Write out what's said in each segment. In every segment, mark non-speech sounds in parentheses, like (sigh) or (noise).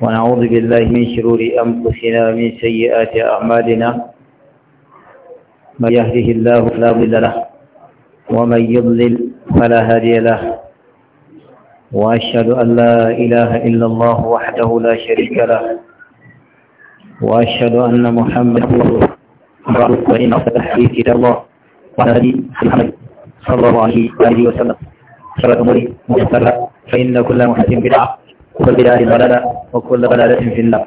ونعوذ بالله من شرور أنفسنا ومن سيئات أعمالنا من يهده الله فلا مضل له ومن يضلل فلا هادي له وأشهد أن لا إله إلا الله وحده لا شريك له وأشهد أن محمدا رسول الله أصدق كتاب الله وهدي محمد صلى الله عليه وسلم فإن كل محدث بدعة وكل بدعة ضلالة وكل ضلالة في النار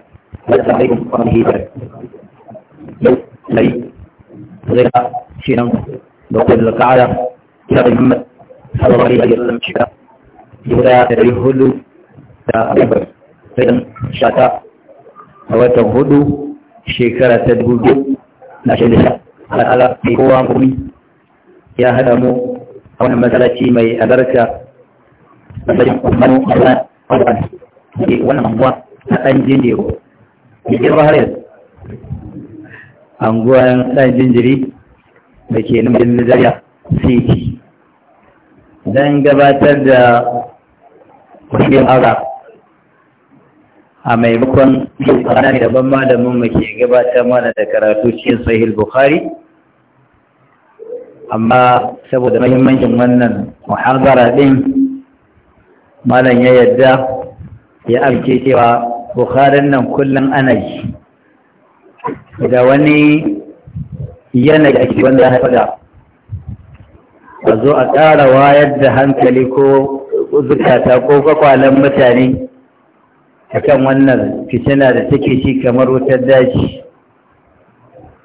السلام عليكم ورحمة الله وبركاته لي غير شيئا بقول القاعدة كتاب محمد صلى الله عليه وسلم شفاء يولا تريهل تأبر فإن شاتا وتهد شكرة تدبوج ناشد شاء على قوام يا هدمو أو مثلا شيء ما يدرك bari man da wannan ke wannan anguwa ta dan jinjiro ke girma har yanzu anguwan dan jinjiri da ke nan birnin Zaria City dan gabatar da kwashiyar aura a maimakon shekara ne daban malamin mu ke gabatar mana da karatu cikin sahih bukhari amma saboda mahimmancin wannan muhazara din malam ya yadda ya amce cewa bukharin nan kullum ana yi da wani yanayi ake wanda ya haifar da a zo a ƙara wayar da hankali ko zukata ko kwakwalen mutane a kan wannan fitina da take shi kamar wutar daji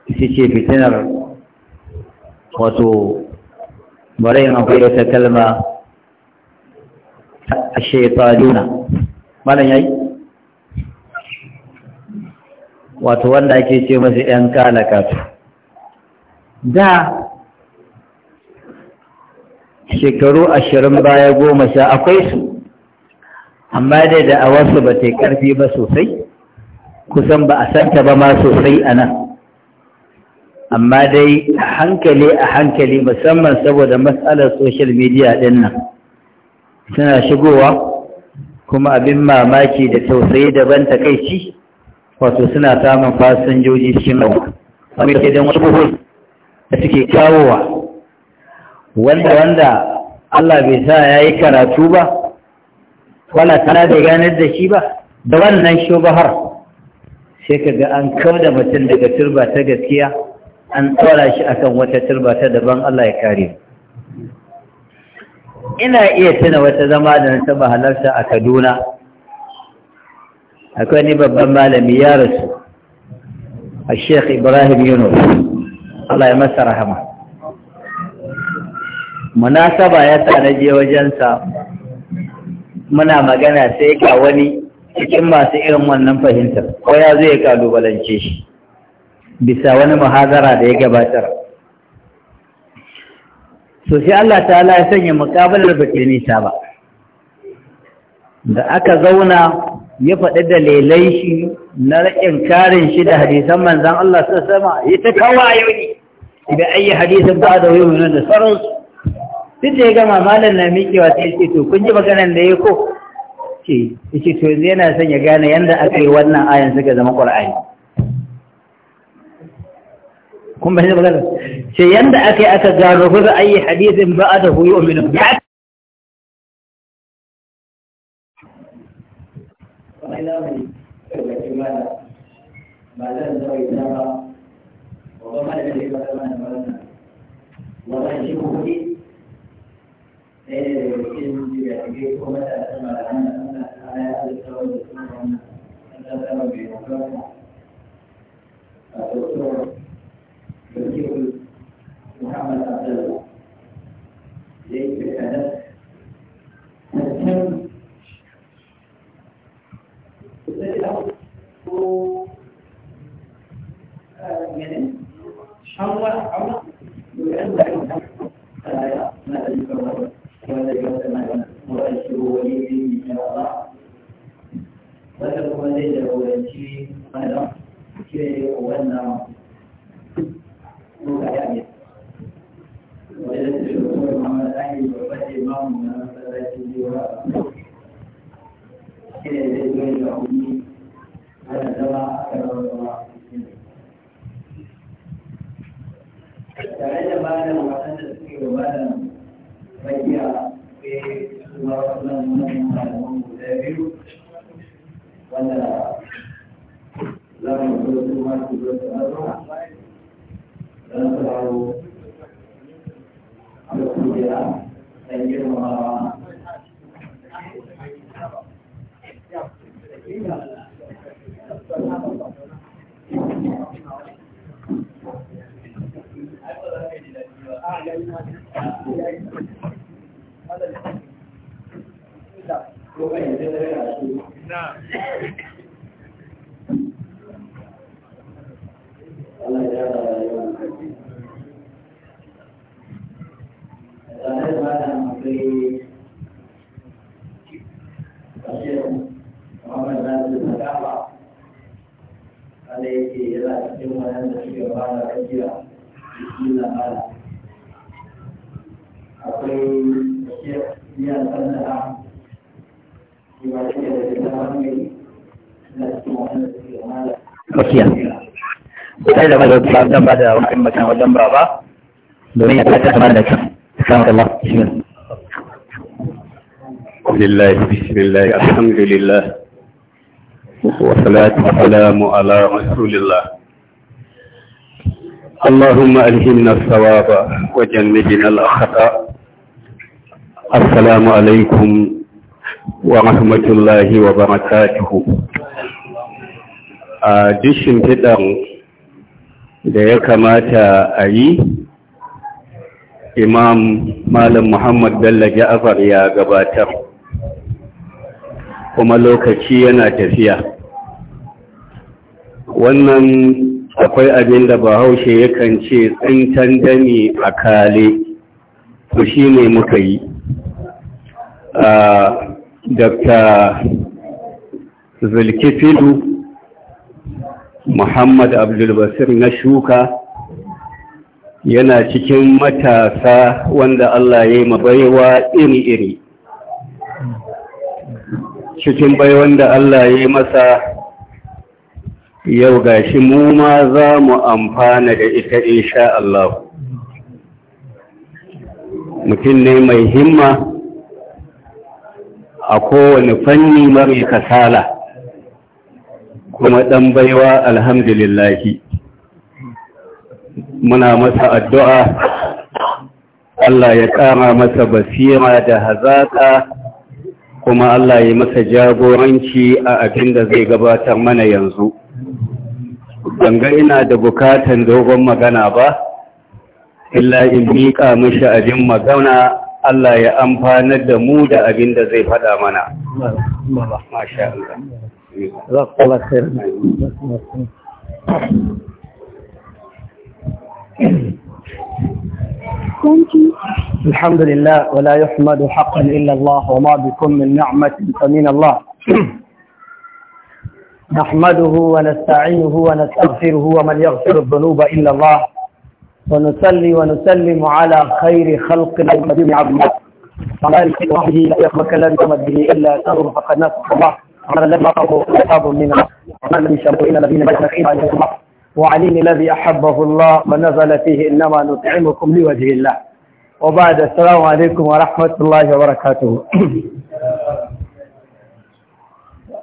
ita ce fitinar wato bari in akwai wata kalma mana ya yayi wato wanda ake ce masa ‘yan kalakatu da shekaru ashirin baya goma sha akwai su amma dai da a wasu ba ta ƙarfi ba sosai kusan ba a santa ba ma sosai a nan amma dai a hankali a hankali musamman saboda matsalar social media din nan suna shigowa kuma abin mamaki da tausayi daban ta takaici wato suna samun fasinjoji cikin rawa a mai don wasu buhuri da suke kawowa wanda wanda Allah bai sa ya yi karatu ba wala tana da ganar da shi ba da wannan shubahar sai ka ga an kawo da mutum daga turba ta gaskiya an tsara shi akan wata turba ta daban Allah ya kare mu. ina iya tuna wata zama da na taba halarta a kaduna akwai ni babban malami ya rasu a sheikh ibrahim yunus allah ya masa rahama munasaba ya tsara je wajensa muna magana sai ka wani cikin masu irin wannan fahimtar ko ya zai kalubalance shi bisa wani muhazara da ya gabatar to sai Allah ta'ala ya sanya mukabalar ba ta nisa ba da aka zauna ya faɗi dalilai shi na raƙin karin shi da hadisan manzan Allah su sama ya ta kawo a yau ne idan an yi hadisan ba da yau da sauransu duk da ya gama malam na miƙewa sai ce to kun ji maganar da ya ko ce ce to yanzu yana son ya gane yadda aka yi wannan ayan suka zama ƙwar'ani kun bayyana magana ce yanda aka yi aka gano ba za a yi hadisin ba a da huyo minu ya ba zan zai ba ba ma da ba zama da ba wannan shi kuɗi ɗaya da cikin da ke kuma da sama da hannun suna kaya da tsawon da suna wannan an tsawon bai da kawai a tsawon يذكر محمد عبد الله ليس كذلك ba zan ba da wani magana wajen domin ya tattata da kan لله بسم الله الحمد لله والصلاة والسلام على رسول الله اللهم ألهمنا الصواب وجنبنا الأخطاء السلام عليكم ورحمة الله وبركاته a آه، dishin da ya kamata a yi imam malam muhammad bello ja'afar ya gabatar kuma lokaci yana tafiya wannan akwai abin da bahaushe yakan ce tsintan dami a kale ku shi ne muka yi ah, A dr zulkifilu muhammad abdulbasir na shuka yana cikin matasa wanda allah ya yi mabaiwa iri-iri cikin bai da allah ya yi masa yau gashi mu ma za mu amfana da ita insha Allah mutum ne mai himma a kowane fanni mara kasala kuma ɗan baiwa alhamdulillahi muna masa addu'a Allah ya ƙara masa basira da hazaƙa kuma Allah ya masa jagoranci a abin da zai gabatar mana yanzu. Ban ga ina da bukatan dogon magana ba, illa in miƙa mashi abin magana Allah ya amfanar da mu da abin da zai faɗa mana. Masha Allah. جزاك الله خير الحمد لله ولا يحمد حقا إلا الله وما بكم من نعمة فمن الله نحمده ونستعينه ونستغفره ومن يغفر الذنوب إلا الله ونصلي ونسلم على خير خلق المدين عبد الله وما يخلق لن تمد إلا تغفر فقد نسخ الله أمر الذي أعطاه عتاب منا ومن الذي شرط إلى الذين بشرين عليه الله وعليم الذي أحبه الله ونزل فيه إنما نطعمكم لوجه الله وبعد السلام عليكم ورحمة الله وبركاته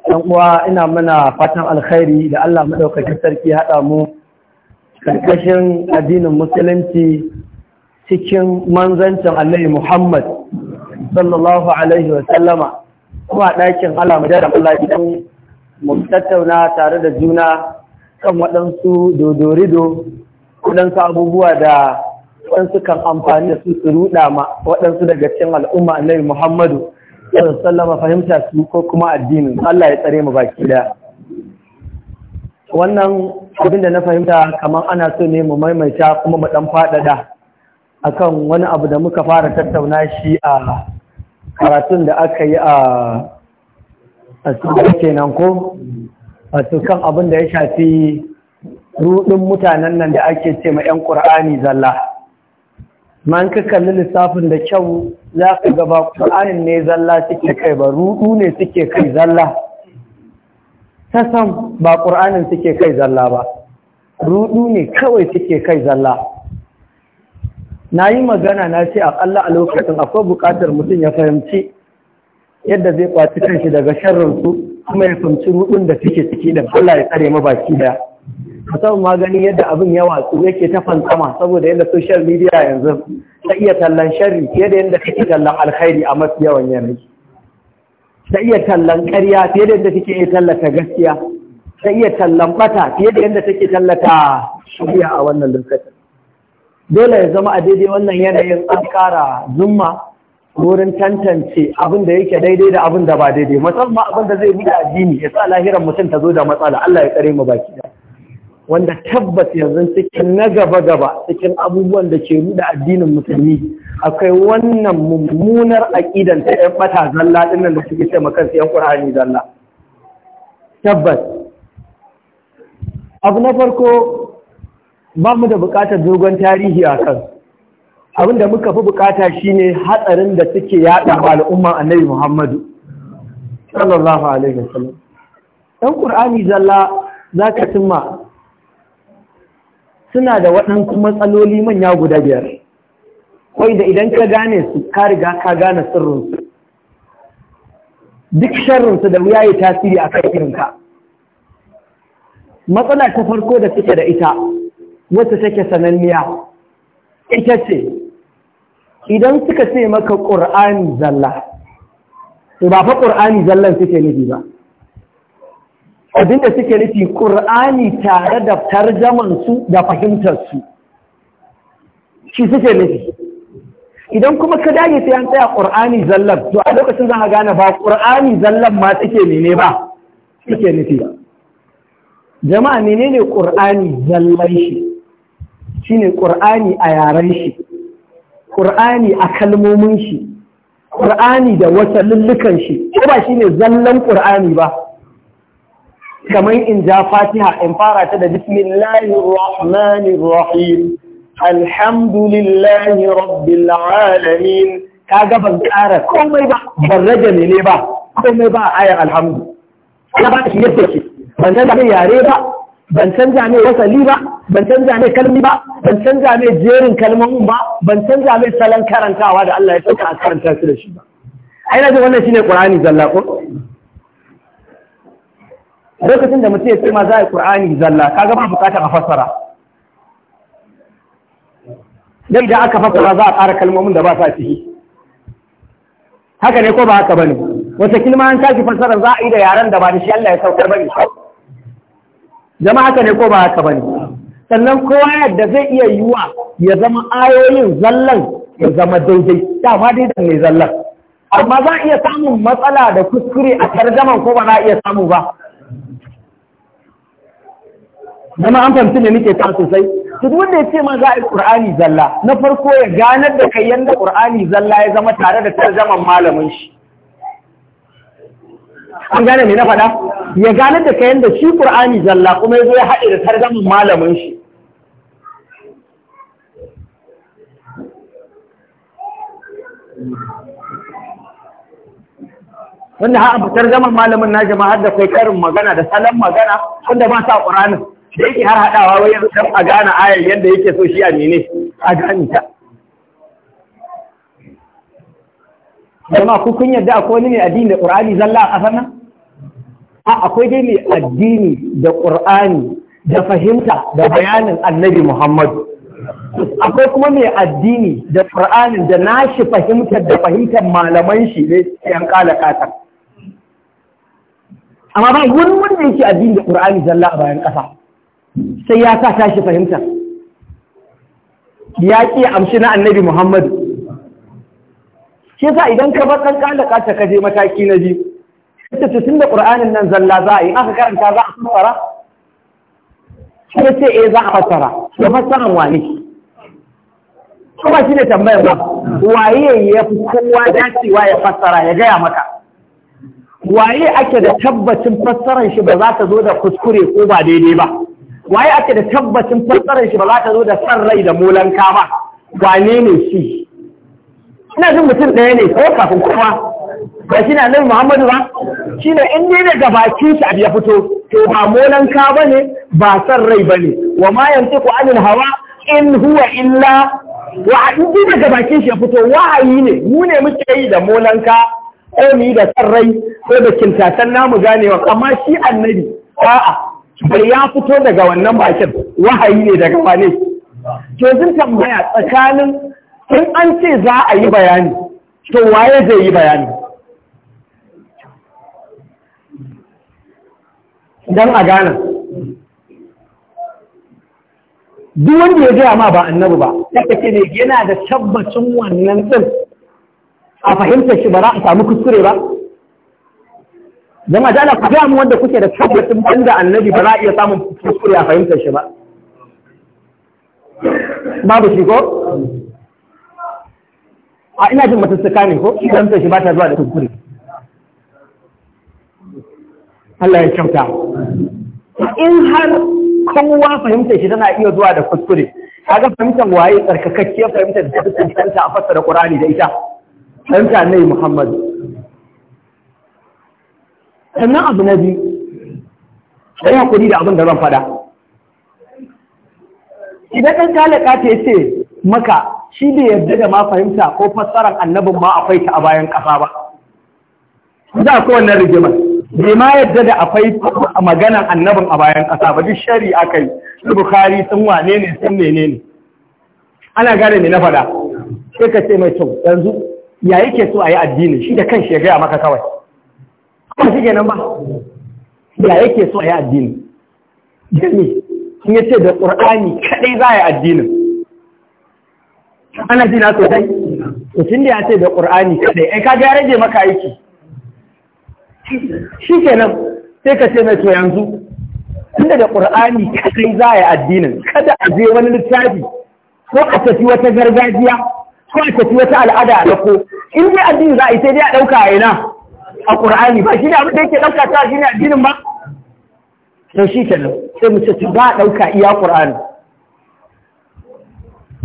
uwa ina mana fatan alkhairi da Allah maɗaukakin sarki haɗa mu ƙarƙashin addinin musulunci cikin manzancin Allah Muhammad sallallahu Alaihi wasallama kuma ɗakin Allah mu da Allah idan mu tattauna tare da juna kan waɗansu dodorido waɗansu abubuwa da waɗansu kan amfani da su su ruɗa ma waɗansu daga cikin al'umma annabi Muhammadu sallama fahimta su ko kuma addinin Allah ya tsare mu baki da wannan abin da na fahimta kamar ana so ne mu maimaita kuma mu ɗan faɗaɗa akan wani abu da muka fara tattauna shi a karatun da aka yi a a kenan ko wato kan abin da ya shafi rudin mutanen nan da ake ce ma 'yan ƙur'ani zalla man ka kalli lissafin da kyau za ka gaba ƙur'anin ne zalla suke kai ba rudu ne suke kai zalla ta sam ba ƙur'anin suke kai zalla ba rudu ne kawai suke kai zalla na yi magana na ce a ƙalla a lokacin akwai buƙatar mutum ya fahimci yadda zai kwaci kanshi daga sharrinsu kuma ya fahimci rudun da suke ciki da Allah ya tsare ma baki daya musamman ma gani yadda abin ya watsu yake ta fantsama saboda yadda social media yanzu ta iya tallan sharri fiye da yadda kake tallan alkhairi a mafi yawan yanayi ta iya tallan ƙarya fiye da yadda take iya tallata gaskiya ta iya tallan bata fiye da yadda take tallata shari'a a wannan lokacin dole ya zama a daidai wannan yanayin an kara zumma wurin tantance abin da yake daidai da abin da ba daidai musamman abin da zai buɗe addini ya sa lahiran mutum ta zo da matsala Allah ya tsare mu baki da wanda tabbas yanzu cikin na gaba gaba cikin abubuwan da ke buɗe addinin musulmi akwai wannan mummunar aƙidan ta 'yan bata zalla din nan da suke ce makan sai zalla tabbas abu na farko ba mu da buƙatar dogon tarihi a kan abin da muka fi buƙata shine hatsarin da suke yaɗa al'umma annabi muhammadu sallallahu alaihi wasallam ɗan ƙur'ani zalla za ka cimma suna da waɗansu matsaloli manya guda biyar kai da idan ka gane su ka riga ka gane sirrinsu duk sharrinsu da wuya yi tasiri a kan irinka matsala ta farko da suke da ita wata take sananniya ita ce idan suka ce maka ƙur'ani zalla to ba fa ƙur'ani zallan suke nufi ba abinda suke nufi ƙur'ani tare da tarjamansu da fahimtarsu shi suke nufi idan kuma ka dage sai an tsaya ƙur'ani zallan to a lokacin za a gane ba ƙur'ani zallan ma suke nene ba suke nufi jama'a menene ƙur'ani zallan shi shine ƙur'ani a yaren shi ƙur'ani a kalmomin shi ƙur'ani da lullukan shi ko ba shine zallan ƙur'ani ba kamar in ja fatiha in fara ta da bismillahir rahmanir rahim alhamdulillahi rabbil alamin kaga ban ƙara komai ba ban rage ne ba komai ba ayar alhamdu na ba shi yadda ke ban san da yare ba ban san mai wasali ba ban san mai kalmi ba ban san mai jerin kalmomin ba ban san mai salon karantawa da Allah ya sauka a karanta su da shi ba ai na ji wannan shine qur'ani zalla ko lokacin da mutum ya ce ma za a yi qur'ani zalla kaga ba bukatar a fassara dan da aka fassara za a ƙara kalmomin da ba sa ciki haka ne ko ba haka bane wata kilma an taki fassara za a yi da yaran da ba da shi Allah ya saukar bane jama'a haka ne ko ba haka ne sannan kowa yadda zai iya yiwa ya zama ayoyin zallan ya zama daidai ma dai da mai zallan amma za a iya samun matsala da kuskure a tarjaman ko ba za a iya samu ba zama an fahimci ne nake ta sosai duk wanda ya ce ma za a yi qur'ani zalla na farko ya ganar da kai yanda qur'ani zalla ya zama tare da tarjaman malamin shi an gane me na faɗa ya gane da kayan da shi Qur'ani zalla kuma ya zo ya haɗe da targamin malamin shi wanda ha'a fitar zaman malamin na jama'a da kai karin magana da salon magana wanda ba sa ƙuranin da yake har haɗawa wai yanzu a gane ayar yadda yake so shi a nene a gane ta jama'a ku kun yadda akwai wani ne addini da ƙurani zalla a ƙasar nan a akwai dai mai addini da ƙur'ani da fahimta da bayanin annabi muhammadu akwai kuma mai addini da ƙur'anin da nashi fahimtar da fahimtar malaman shi ne yan kala kata amma ba wani wanda yake addini da ƙur'ani zalla a bayan ƙasa sai ya sa tashi fahimta ya ƙi amshi na annabi muhammadu shi yasa idan ka bar ɗan kala ka je mataki na biyu ita ce tun da ƙur'anin nan zalla za a yi aka karanta za a fassara shi ne ce eh za a fassara da fassaran wani kuma shi ne tambayar ba waye ya fi kowa dacewa ya fassara ya gaya maka waye ake da tabbacin fassaran shi ba za ta zo da kuskure ko ba daidai ba waye ake da tabbacin fassaran shi ba za ta zo da san rai da molanka ba wane ne shi ina jin mutum ɗaya ne ko kafin kowa ba shi na nan Muhammadu ba shi ne in dai daga bakin shi ya fito to ba molan ka bane ba san rai bane wa ma yantiqu anil hawa in huwa illa Wa wa'adi dai daga bakin shi ya fito wahayi ne mu ne muke yi da molan ka ko mu yi da san rai ko da kintatan namu ganewa amma shi annabi a'a bai ya fito daga wannan bakin wahayi ne daga wane to zan tambaya tsakanin in an ce za a yi bayani to waye zai yi bayani don a gana duk wanda ya gaya ma ba annabi ba ta kake ne yana da tabbacin wannan ɗin a fahimtar shi ba za a samu kuskure ba don a jala ku gaya mu wanda kuke da tabbacin banda annabi ba za a iya samun kuskure a fahimtar shi ba babu shi ko a ina jin matattaka ne ko shi shi ba ta zuwa da kuskure Allah ya kyauta in har kowa fahimtar shi tana iya zuwa da kuskure kaga fahimtar waye tsarkakakke fahimtar da ta tantanta a fassara Qur'ani da ita fahimta ne Muhammad sannan abu na biyu sai hakuri da abin da zan fada idan ɗan talaka ta ce maka shi da yadda da ma fahimta ko fassarar annabin ma akwai ta a bayan ƙasa ba za a kowanne rigimar bai ma yadda da akwai maganan annabin a bayan ƙasa ba duk shari aka yi su bukari sun wane ne sun mene ne ana gane me na faɗa sai ka ce mai kyau yanzu ya yake so a yi addini shi da kan shiga ya gaya maka kawai kuma shi nan ba ya yake so a yi addini gani sun yace da ƙur'ani kaɗai za a yi addinin ana jina sosai to tun da ya ce da ƙur'ani kaɗai ai ka ga ya rage maka aiki shi kenan sai ka ce mai to yanzu inda da ƙur'ani kadai za a yi addinin kada a je wani littafi ko a tafi wata gargajiya ko a tafi wata al'ada a ɗauko in dai addini za a yi sai dai a ɗauka a yana a ƙur'ani ba shi ne abin da yake ɗauka ta shi ne addinin ba to shi kenan sai mu ce ba a ɗauka iya ƙur'ani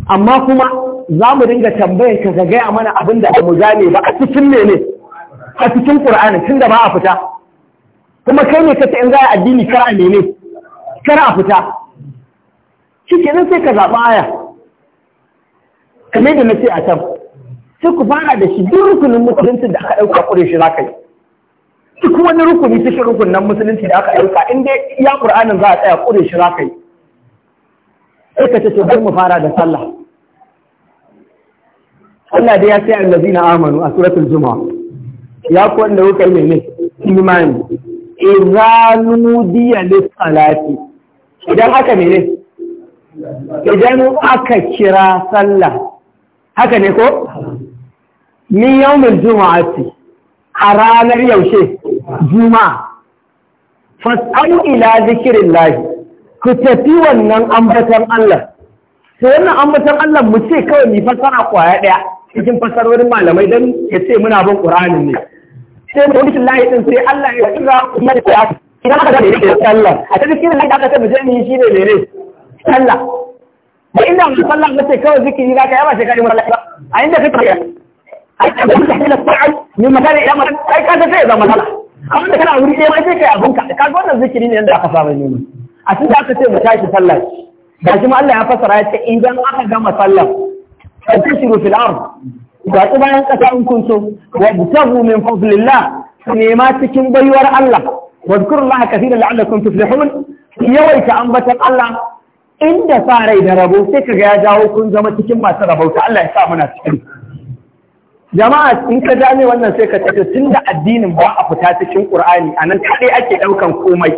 amma kuma za mu dinga tambayar ka zagaya mana abin da ba mu zane ba a cikin mene a cikin Qur'ani da ba a fita kuma kai ne kace in za a addini kar a ne kar a fita shi shikenan sai ka zaɓa aya kamar da na ce a can sai ku fara da shi duk rukunin musulunci da aka ɗauka ƙure shi za ka yi duk wani rukuni shi rukunan musulunci da aka ɗauka in dai ya ƙur'anin za a tsaya ƙure shi za ka yi sai ka ce to bari mu fara da sallah Allah dai ya ce allazina amanu a suratul juma'a ya ku wanda kuka yi ne imani izanu lissalati idan aka mene idan aka kira sallah haka ne ko min yawmin juma'ati a ranar yaushe juma'a fasalu ila zikirin lahi ku tafi wannan ambatan Allah sai wannan ambatan Allah mu ce kawai mu fasara kwaya ɗaya. cikin fassarorin malamai don ya ce muna bin ƙuranin ne sai da wani layi ɗin sai Allah ya tsira kuma da ya idan aka gane ne sallah a ta zikirin da aka tabbata ne shine mene sallah da inda wani sallah kace kawai zikiri ka yaba shekari mun Allah a inda a ai da mun tahila qur'an min makana ila makan ai ka ta sai zama sallah A wanda kana wuri ɗaya mai sai kai abun ka ka ga wannan zikiri ne da aka saba ne a da aka ce mu tashi sallah shi ma Allah ya fassara ya ce idan aka gama sallah فانتشروا في الأرض واتبا ينقص إن كنتم وابتغوا من فضل الله نيماتكم بيور الله واذكروا الله كثيرا لعلكم تفلحون يويك أنبتا الله إن دفاري دربوا سيكا جاجاو كن زمتكم ما تربوا تعالى إسامنا تشكري jama'a in ka gane wannan sai ka tafi tun da addinin ba a fita cikin Qur'ani anan kadai ake ɗaukan komai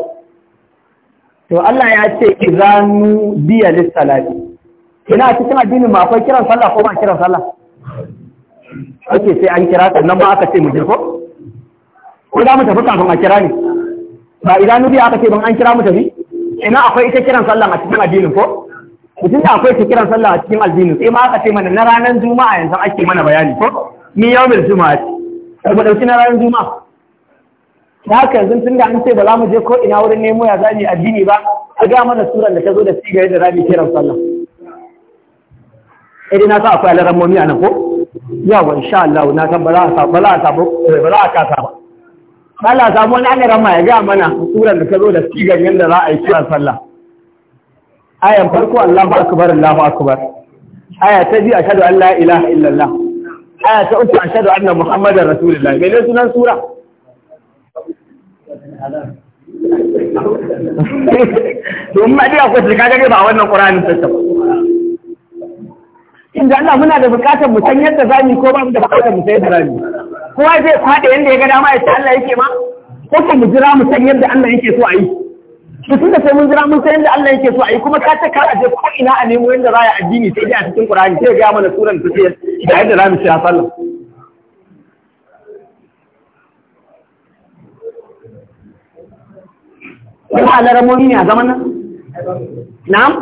to Allah ya ce idza nu diya lis salati Ina cikin addinin ma akwai kiran sallah ko ba kiran sallah? Ake sai an kira nan ma aka ce mu jirko? Ko za mu tafi kafin a kira ne? Ba idan nubi aka ce ban an kira mu tafi? Ina akwai ita kiran sallah a cikin addinin ko? Mutum da akwai ita kiran sallah a cikin addinin sai ma aka ce mana na ranar juma'a yanzu ake mana bayani ko? Ni yau mil juma'a ce. mu ɗauki na ranar juma'a. da haka yanzu tun da an ce ba za mu je ko ina wurin nemo ya zami addini ba a ga mana suran da ta zo da siga da rami kiran sallah idan na sa akwai alaran momi a ko yawa insha Allah na san ba za a ba za a samu eh, ba za a kasa samu wani alaran ma ya gaya mana suran da ta zo da sigan yadda za a yi kiran sallah ayan farko Allahu akbar Allahu akubar aya ta biyu ashhadu an la ilaha illallah aya ta uku a ashhadu anna muhammadar rasulullah me ne sunan sura Domin (laughs) amma dai akwai shiga gare ba a wannan qur'anin tattaba inda Allah muna da bukatar mu san yadda zamu ko ba mu da bukatar mu san yadda zamu kowa zai fada yanda ya ga dama ya ce Allah yake ma ko ko mu jira mu san yadda Allah yake so a yi to tunda sai mun jira mun san yadda Allah yake so a yi kuma ka ce kar a je ko ina a nemo yadda za a yi addini sai dai a cikin Qur'ani sai ga mana suran ta da yadda zamu ci sallah a alarmomi ne a zaman nan? Na'am?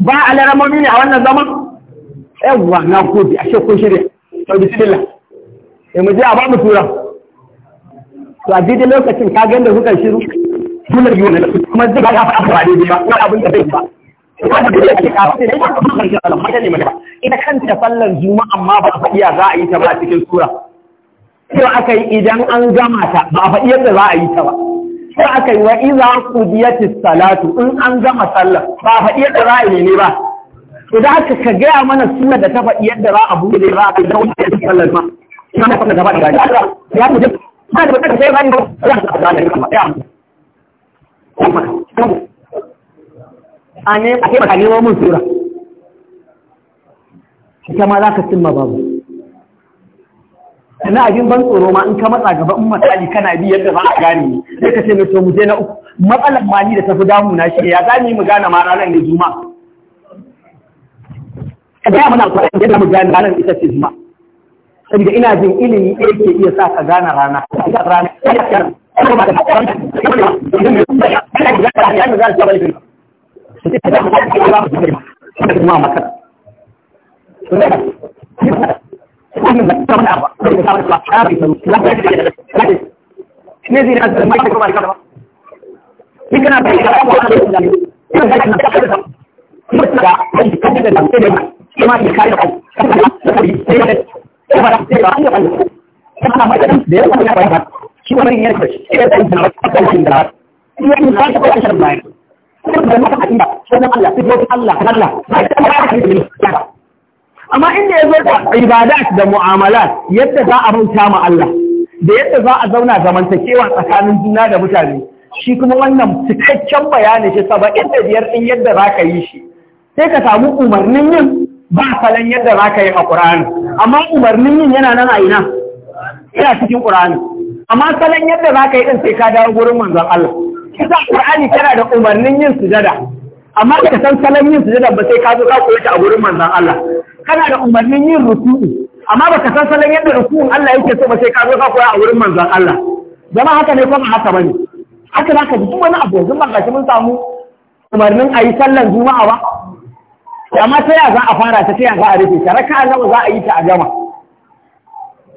ba a alaramomi ne a wannan zaman yawwa na gode a shekun shirya sau bisimila ya eh, mu je a ba mu tura to a daidai lokacin ka ganda kuka shiru tunar yiwu na lafi kuma zai ba ya faɗa ba daidai ba kuma abin da bai ba ita kanta sallar juma amma ba a faɗiya za a yi ta ba a cikin tura. Yau aka yi idan an gama ta ba a faɗiyar da za a yi ta ba. ko aka yi wa iza kudiyati salatu in an zama sallah ba faɗi yadda za a ne ba idan aka ka gaya mana suna da ta faɗi yadda za a buɗe da a da wani yadda sallar ma na faɗa gaba da gaji ya ku jin ba da ka sai bani ba. ka a ne a kai ka nemo mun sura ita ma za ka cimma babu ina abin ban tsoro ma in ka matsa gaba in misali kana bi yadda za a gane ni sai ka ce mai to mu je na uku matsalar ma ni da tafi damu na shi ya zani mu gane ma ranar da juma'a ka ga mana alƙur'ani yadda mu gane ranar ita ce juma'a saboda ina jin ilimi ɗaya ke iya sa ka gane rana rana Thank you. wannan da zai rasa mai kuma da ba ni kana bai da abu ba ni ba kana mai da da ya kuma da ba da shi Allah Allah Allah Allah amma inda ya zo da ibadat da mu'amalat yadda za a bauta ma Allah da yadda za a zauna zamantakewa tsakanin juna da mutane shi kuma wannan cikakken bayani shi saba'in da biyar ɗin yadda za ka yi shi sai ka samu umarnin yin ba salon yadda za ka yi a ƙur'ani amma umarnin yin yana nan a ina ina cikin ƙur'ani amma salon yadda za ka yi din sai ka dawo gurin manzon Allah kisa ƙur'ani tana da umarnin yin sujada amma ka san salon yin sujada ba sai ka zo ka koyi ta a gurin manzon Allah kana da umarnin yin ruku'u amma baka san salon yadda ruku'u Allah yake so ba sai ka zo ka koya a wurin manzon Allah zama haka ne kuma haka bane haka ka ji duk wani abu yanzu ban shi mun samu umarnin ayi sallan juma'a ba amma ta ya za a fara ta ta ya za a rufe ta a nawa za a yi ta a gama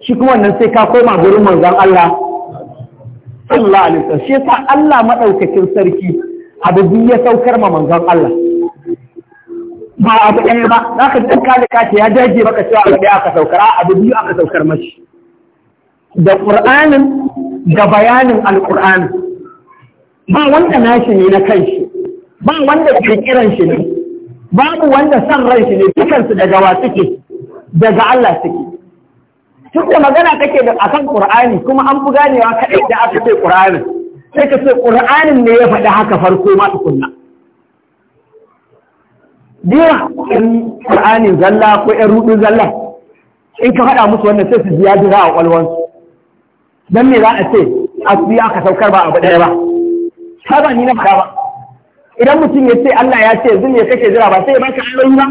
shi kuma nan sai ka koma gurin manzon Allah sallallahu alaihi wasallam shi yasa Allah madaukakin sarki abu ya saukar ma manzon Allah ba abu ɗaya ba za ka tsaka da kace ya jaje maka cewa abu ɗaya aka saukar abu biyu aka saukar mashi da ƙur'anin da bayanin alƙur'ani ba wanda nashi ne na kanshi ba wanda kirkiran shi ne babu wanda san ran shi ne dukansu daga wa suke daga Allah suke duk da magana kake da akan ƙur'ani kuma an fi ganewa kaɗai da aka ce ƙur'ani, sai ka ce Qur'anin ne ya faɗi haka farko ma tukunna biya in Qur'anin zalla ko ƴan rudin zalla in ka haɗa musu wannan sai su biya jira a ƙwalwansu dan me za a ce a su ka saukar ba abu ɗaya ba ta ba ni na faɗa ba idan mutum ya ce Allah ya ce zun ya kake jira ba sai ya ka ayoyi ba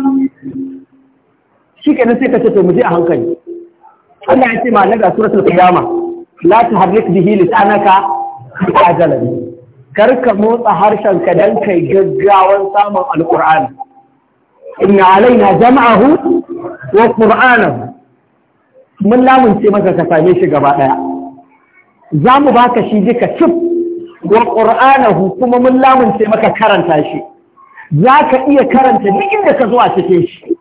shi kenan sai ka ce to mu je a hankali Allah ya ce ma naga suratul qiyama la tuharrik bihi lisanaka ajalan kar ka motsa harshen ka dan kai gaggawan samun alqur'ani inna alaina jama'ahu wa qur'anahu mun lamunce maka ka same shi gaba za mu baka shi duka cif wa qur'anahu kuma mun lamunce maka karanta shi za ka iya karanta duk inda ka zo cikin shi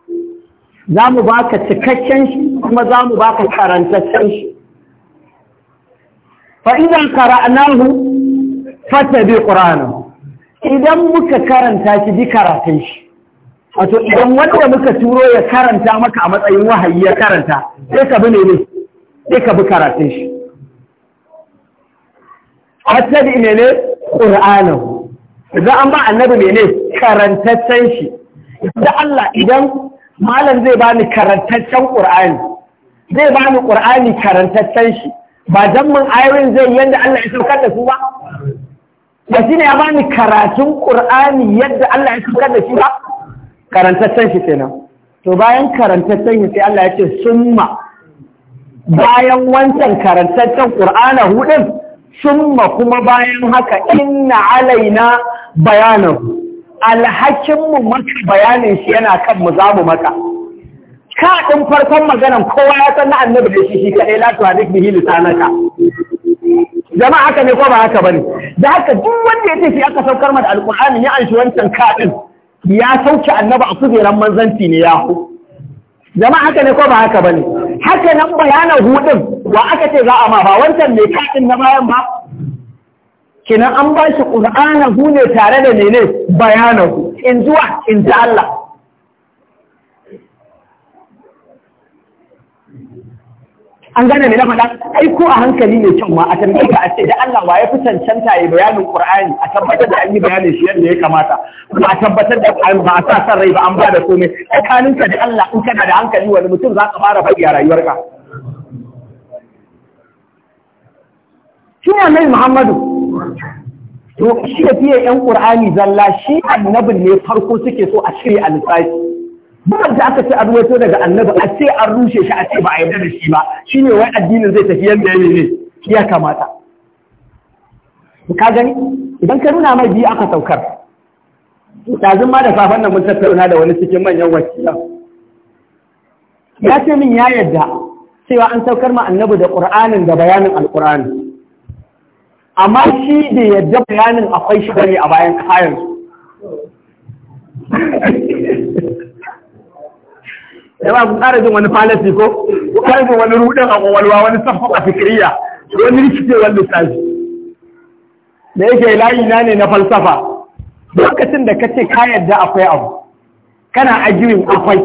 za mu baka cikakken shi kuma za mu baka karantaccen shi idan muka karanta shi bi karatun shi wato idan wanda muka turo ya karanta maka a matsayin wahayi ya karanta sai ka bi ne ne sai ka bi karatun shi Asali ne ne qur'anahu idan an ba annabi ne ne karantaccen shi da Allah idan malam zai bani karantaccen qur'ani zai bani qur'ani karantaccen shi ba dan mun ayoyin zai yanda Allah ya saukar da su ba Ya shine ya karatun qur'ani yadda Allah ya saukar da shi ba karantaccen shi kenan to bayan karantaccen shi sai Allah ya ce summa bayan wancan karantaccen Qur'ana hudin summa kuma bayan haka inna alaina alhakin mu maka bayanin shi yana kan mu za mu maka ka ɗin farkon maganan kowa ya san na annabi da shi shi kaɗai la tu hadik bihi lisanaka jama'a haka ne ko ba haka bane da haka duk wanda ya ce shi aka saukar mata alqur'ani ya anshi wancan ka ɗin ya sauke annaba a kujeran manzanci ne ya hu zama haka ne ko ba haka bane haka nan bayana hudin wa aka ce za a ma ba wancan mai kaɗin na bayan ba kenan an ba shi qur'ana hune ne tare da mene bayana in zuwa in ta Allah an gane me na faɗa ai ko a hankali mai kyau ma a tambaye ka a ce da Allah wa ya fi cancanta ya bayanin Qur'ani a tabbatar da an yi bayanin shi yadda ya kamata kuma a tabbatar da ba a sa san rai ba an ba da komai tsakaninka da Allah in kana da hankali wani mutum za ka fara faɗi a rayuwarka shi ne Muhammadu to shi ya fiye yan Qur'ani zalla shi annabin ne farko suke so a shirya lissafi bukan ta aka ce a ruwato daga annabi a ce an rushe shi a ce ba a yarda da shi ba shine wai addinin zai tafi yadda yake ne ya kamata ka gani idan ka nuna mai biyu aka saukar ɗazin ma da safan nan mun tattauna da wani cikin manyan wakilan ya ce min ya yarda cewa an saukar ma annabi da ƙur'anin da bayanin alƙur'ani amma shi da yarda bayanin akwai shi bane a bayan kayan da ba ku kara jin wani falasi ko ku kara jin wani rudin a ƙwaƙwalwa wani safon a fikiriya wani wani lissafi da yake na ne na falsafa lokacin da kace ka yadda akwai abu kana ajirin akwai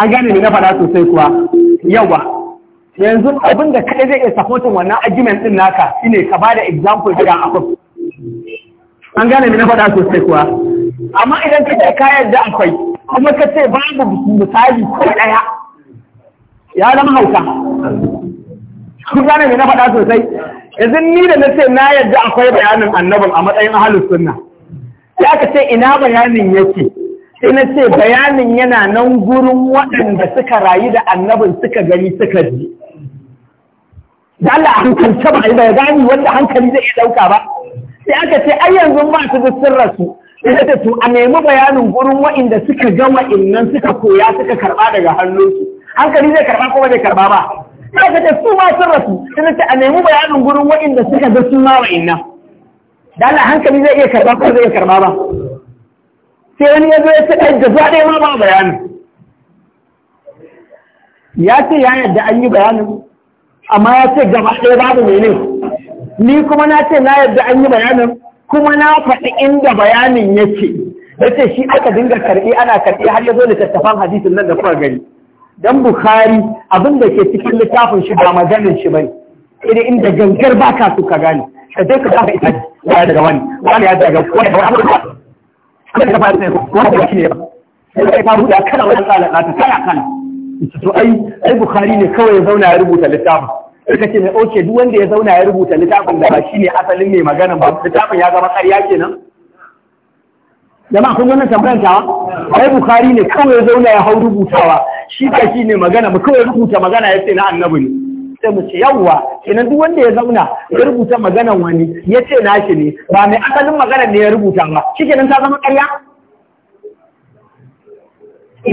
an gane ne na faɗa sosai kuwa yawa yanzu abin da kai zai iya supporting wannan argument din naka shine ka bada example daga akwai an gane ne na faɗa sosai kuwa amma idan kace ka yadda akwai kuma ka ce babu misali ko ɗaya ya zama hauka kun gane ne na faɗa sosai yanzu ni da na ce na yadda akwai bayanin annabin a matsayin halin sunna ya ka ce ina bayanin yake sai na ce bayanin yana nan gurin waɗanda suka rayu da annabin suka gani suka ji da Allah a hankalce ba ya gani wanda hankali zai iya ɗauka ba sai aka ce ai yanzu ba su da sirrasu Ina da to a nemi bayanin gurin wa'inda suka gama innan suka koya suka karɓa daga hannunsu. Hankali zai karɓa ko bai karɓa ba. Sai ka ce su ma sun rasu. Ina ta a nemi bayanin gurin wa'inda suka ga su ma wa'innan. Da hankali zai iya karɓa ko zai iya karɓa ba. Sai wani ya zo ya ce kai gaba ɗaya ma ba bayanin. Ya ce ya yadda an yi bayanin amma ya ce gaba ɗaya babu mene. Ni kuma na ce na yadda an yi bayanin kuma na faɗi inda bayanin yake yace shi aka dinga karɓi ana karɓi har ya zo littattafan hadisin nan da kuka gani dan bukhari abin da ke cikin littafin shi ba maganin shi bane idan inda gangar ba ka so ka gane ka dai ka ba ita ya daga wani wani ya daga wani ba kada ka fara sai ko ba ne ba sai ka rubuta kana wani tsala ta tsala kana to ai ai bukhari ne kawai ya zauna ya rubuta littafin suka ce mai oke duk wanda ya zauna ya rubuta littafin da ba shi ne asalin mai magana ba littafin ya zama ƙarya kenan jama'a kun wannan tambayantawa ai bukari ne kawai ya zauna ya hau rubutawa shi ka shi ne magana ba kawai rubuta magana ya ce na annabi ne sai mu ce yawwa kenan duk wanda ya zauna ya rubuta maganan wani ya ce na shi ne ba mai asalin magana ne ya rubuta ba shi kenan ta zama ƙarya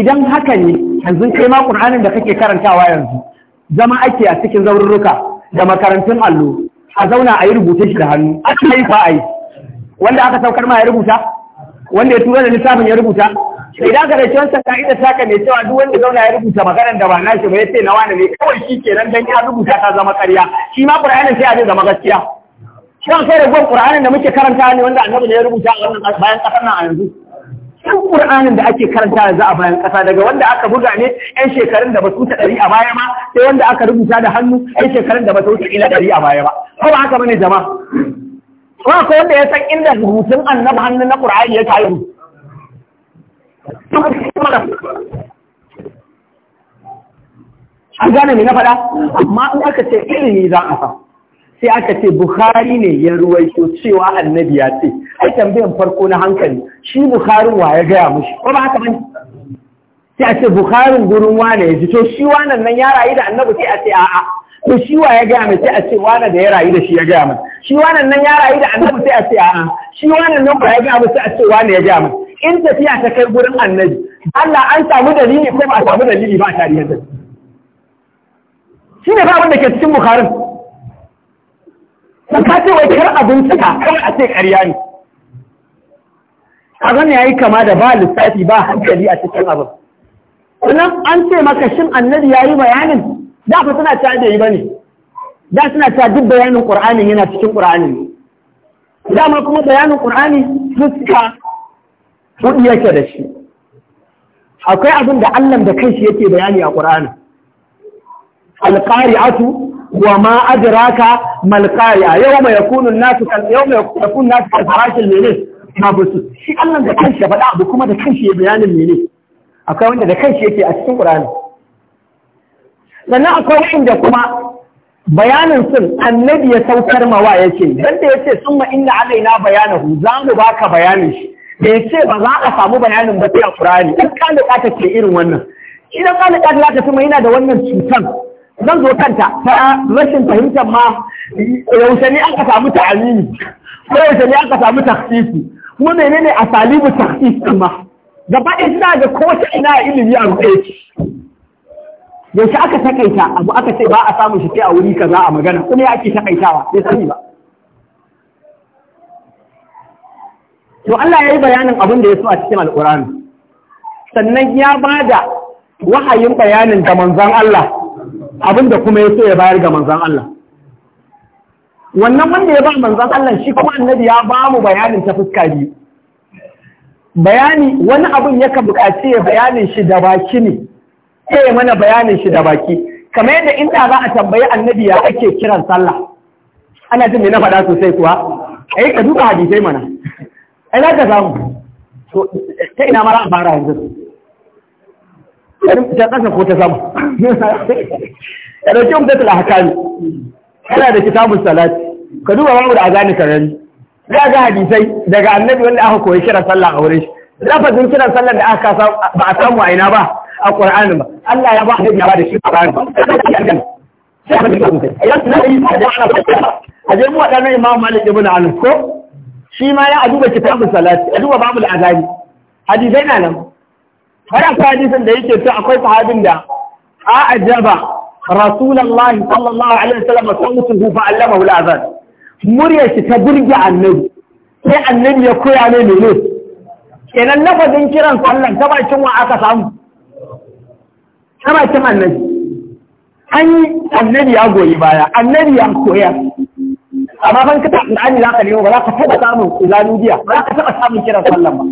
idan haka ne yanzu kai ma ƙur'anin da kake karantawa yanzu zama ake a cikin zaururruka da makarantun allo a zauna a yi rubuta shi da hannu a yi yi wanda aka saukar ma ya rubuta wanda ya tura da lissafin ya rubuta idan ka rashin wancan ka'ida ta ka mai cewa duk wanda zauna ya rubuta maganar da ba na shi ba ya ce na wani ne kawai shi kenan dan ya rubuta ta zama karya, shi ma ƙur'anin sai a zai zama gaskiya shan sai da gwan ƙur'anin da muke karanta ne wanda annabi ne ya rubuta a wannan bayan ƙasar nan a yanzu duk Qur'anin da ake karanta za a bayan ƙasa daga wanda aka buga ne yan shekarun da ba su ɗari a baya ba, sai wanda aka rubuta da hannu yan shekarun da ba su wuce ila ɗari a baya ba ko ba haka bane jama'a ko akwai wanda ya san inda rubutun annabi hannu na Qur'ani ya tayi an gane me na faɗa amma in aka ce ilimi za a sa sai aka ce Bukhari ne ya ruwaito cewa annabi ya ce ai tambayan farko na hankali shi Bukhari wa ya gaya mushi ko ba haka bane sai a ce Bukhari gurin wane ya ji to shi wannan nan ya rayu da annabi sai a ce a'a to shi wa ya gaya mai sai a ce wane da ya rayu da shi ya gaya mai shi wannan nan ya rayu da annabi sai a ce a'a shi wannan nan ba ya gaya mai sai a ce wane ya gaya mai in tafiya ta kai gurin annabi Allah an samu dalili ko ba a samu dalili ba a tarihin shi ne ba abin da ke cikin Bukhari ba ka ce wai abin cika kar a ce ƙarya ne A ya yi kama da ba lissafi ba hankali a cikin abin sannan an ce maka shin annabi ya yi bayanin da fa suna ta da yi ba ne da suna ta duk bayanin ƙur'anin yana cikin ƙur'anin ma kuma bayanin ƙur'ani fuska hudu yake da shi akwai abin da Allah da kanshi yake bayani a ƙur'ani alƙari'atu wa ma adraka malqaya yawma yakunu an-nasu kal yawma yakunu an-nasu kal farashil mene mabusu shi Allah da kanshi ya faɗa abu kuma da kanshi ya bayanin mene akwai wanda da kanshi yake a cikin Qur'ani sannan akwai wanda kuma bayanin sun annabi ya saukar mawa yake dan da yace summa inna alaina bayanahu za mu baka bayanin shi da yace ba za a samu bayanin ba sai a Qur'ani kan da ka ke irin wannan idan ka da ta fi mai yana da wannan cutan zan zo kanta ta rashin fahimtar ma yaushe ne aka samu ta'amini ko yaushe ne aka samu taksisi kuma menene a salibu taksisi ma gaba ɗaya da kowace ina ilimi a rufe yaushe aka takaita abu aka ce ba a samun shi sai a wuri kaza a magana kuma ya ake takaitawa sai sani ba to Allah ya yi bayanin abin da ya so a cikin alƙur'ani sannan ya ba da wahayin bayanin da manzon Allah abinda kuma ya so ya bayar ga manzan Allah wannan wanda ya ba manzan Allah shi kuma annabi ya ba mu bayanin ta fuska biyu bayani wani abin ka buƙaci ya bayanin shi da baki ne yi mana bayanin shi da baki kamar yadda inda za a tambayi annabi ya ake kiran sallah ana jin me na faɗa sosai kuwa yi eh, ka duka hadisai mana ai za ka samu to ta ina mara a fara yanzu ta ƙasa ko ta samu. ka dauki umdatul ahkam kana da kitabun salati ka duba babu da azani karari za ga hadisai daga annabi wanda aka koyi kiran sallah a wurin shi lafazin kiran sallah da aka ba a samu a ina ba a qur'ani ba Allah ya ba hadisi ba da shi a qur'ani ba a je mu wadannan imam malik ibn anas ko shi ma ya duba kitabun salati a duba babu da azani hadisai na nan har akwai hadisin da yake cewa akwai sahabin da a ajaba رسول الله صلى الله عليه وسلم صوته فعلمه الأذان muryar shi ta burge annabi sai annabi ya koya ne mene kenan lafazin kiran sallan ta bakin wa aka samu ta bakin annabi an yi annabi ya goyi baya annabi ya koya amma ban ka taɓa ani za ka nemo ba za ka taɓa samun ilalu ba za ka taɓa samun kiran sallan ba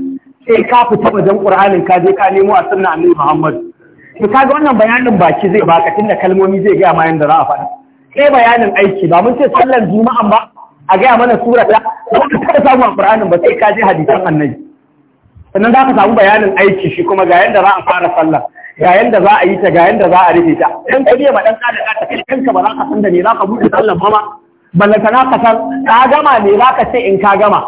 sai ka fita wajen ƙur'anin ka je ka nemo a sunna annabi muhammadu to kaga wannan bayanin baki zai baka tunda kalmomi zai gaya ma yanda za a faɗa sai bayanin aiki ba mun ce sallar juma'an ba a gaya mana sura ta wanda ka samu a ba sai ka je hadisan annabi sannan za ka samu bayanin aiki shi kuma ga yanda za a fara sallar, ga yanda za a yi ta ga yanda za a rufe ta dan kariya ma dan ka ta kai kanka ba za ka san da me za ka buɗe sallar ba ma ballantana ka san ka gama ne za ka ce in ka gama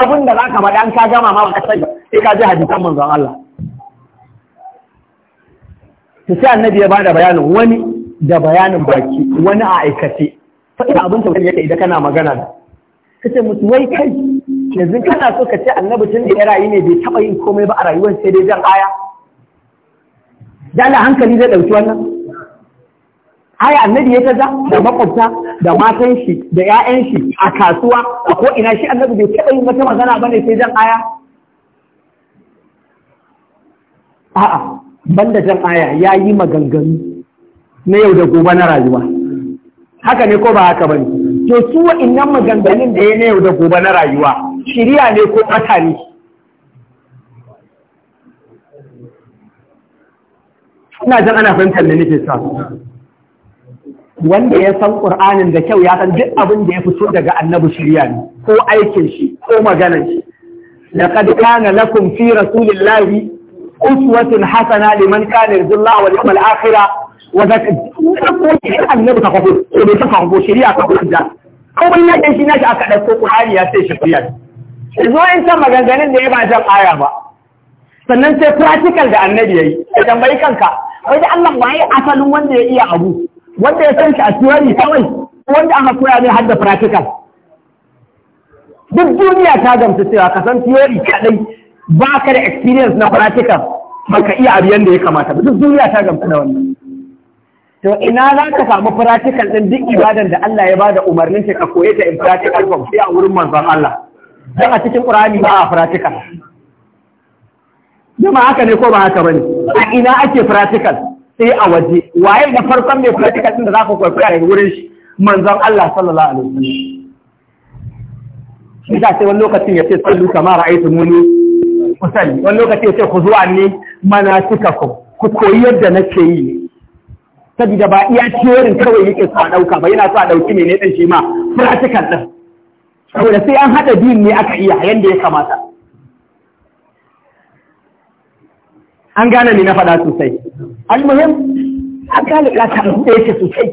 abin da za ka ma dan ka gama ma ba ka sai ka je hadisan manzon Allah ta sai annabi ya bada bayanin wani da bayanin baki wani a aikace faɗin abin da yake idan kana magana da kace musu wai kai yanzu kana so ka ce annabi tun da ya rayu ne bai taɓa yin komai ba a rayuwar sai dai jan aya dala hankali zai ɗauki wannan aya annabi ya kaza da makwabta da matan shi da 'ya'yan shi a kasuwa a ko ina shi annabi bai taɓa yin wata magana ba ne sai jan aya a'a banda jan aya ya yi maganganu na yau da gobe na rayuwa haka ne ko ba haka ba ne to su wa'innan maganganun da ya na yau da gobe na rayuwa shirya ne ko mata ne ina jan ana fahimtar da nufin sa wanda ya san ƙur'anin da kyau ya san duk abin da ya fito daga annabi shirya ne ko aikin shi ko maganar shi laqad kana lakum fi rasulillahi uswatun Hassana liman kana yarjullaha wal yawmal akhir shi na shi aka dauko qur'ani ya sai shari'a yanzu da ba jan aya ba sannan sai practical da annabi yayi ka tambayi kanka wai da Allah waye asalin wanda ya iya abu wanda ya san shi a theory kawai wanda aka koya ne har da practical duk duniya ta gamsu cewa ka san theory kadai ba ka da experience na practical ba ka iya abu yadda ya kamata ba duk duniya ta gamsu da wannan to ina za ka samu practical ɗin duk ibadan da Allah ya ba da umarnin ka koye ta in practical ba sai a wurin manzon Allah Zan a cikin ƙur'ani ba a practical jama haka ne ko ba haka bane a ina ake practical sai a waje waye da farkon mai practical ɗin da za ka kwaikwaya daga wurin shi manzon Allah sallallahu alaihi wasallam shi da sai wani lokacin ya ce sallu kama ra'aytu muni kusan wani lokaci ya ce ku zuwa ne mana suka ku ku koyi yadda nake yi saboda ba iya tiyorin kawai yake sa a ɗauka ba yana so a ɗauki ne ɗin shi ma practical ɗin saboda sai an haɗa biyun ne aka iya yadda ya kamata an gane ne na faɗa sosai almuhim an gane ƙasa da yake sosai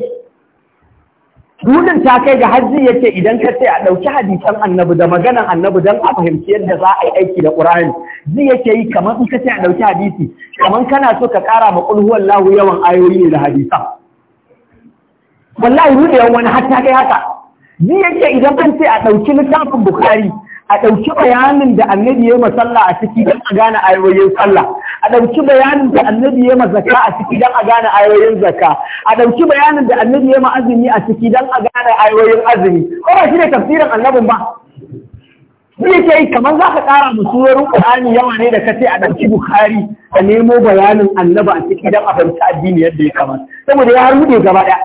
Dudin ta kai ga hajji yake idan ka ce a ɗauki hadisan annabi da maganan annabi don a fahimci yadda za a yi aiki da ƙur'ani zai yake yi kamar in ka ce a ɗauki hadisi kamar kana so ka ƙara ma ƙulhuwan lahu yawan ayoyi ne da hadisa wallahi yawan wani hatta kai haka zai yake idan an ce a ɗauki littafin bukari a ɗauki bayanin da annabi ya masalla a ciki don a gane ayoyin sallah a ɗauki bayanin da annabi ya mazaka a ciki don a gane ayoyin zaka a ɗauki bayanin da annabi ya azumi a ciki don a gane ayoyin azumi ko ba shi ne tafsirin annabin ba Ni ke yi kamar za ka ƙara musu wurin qur'ani yawa ne da ka ce a ɗauki Bukhari a nemo bayanin annaba a ciki don a fahimci addini yadda ya kamata. Saboda ya rude gaba ɗaya.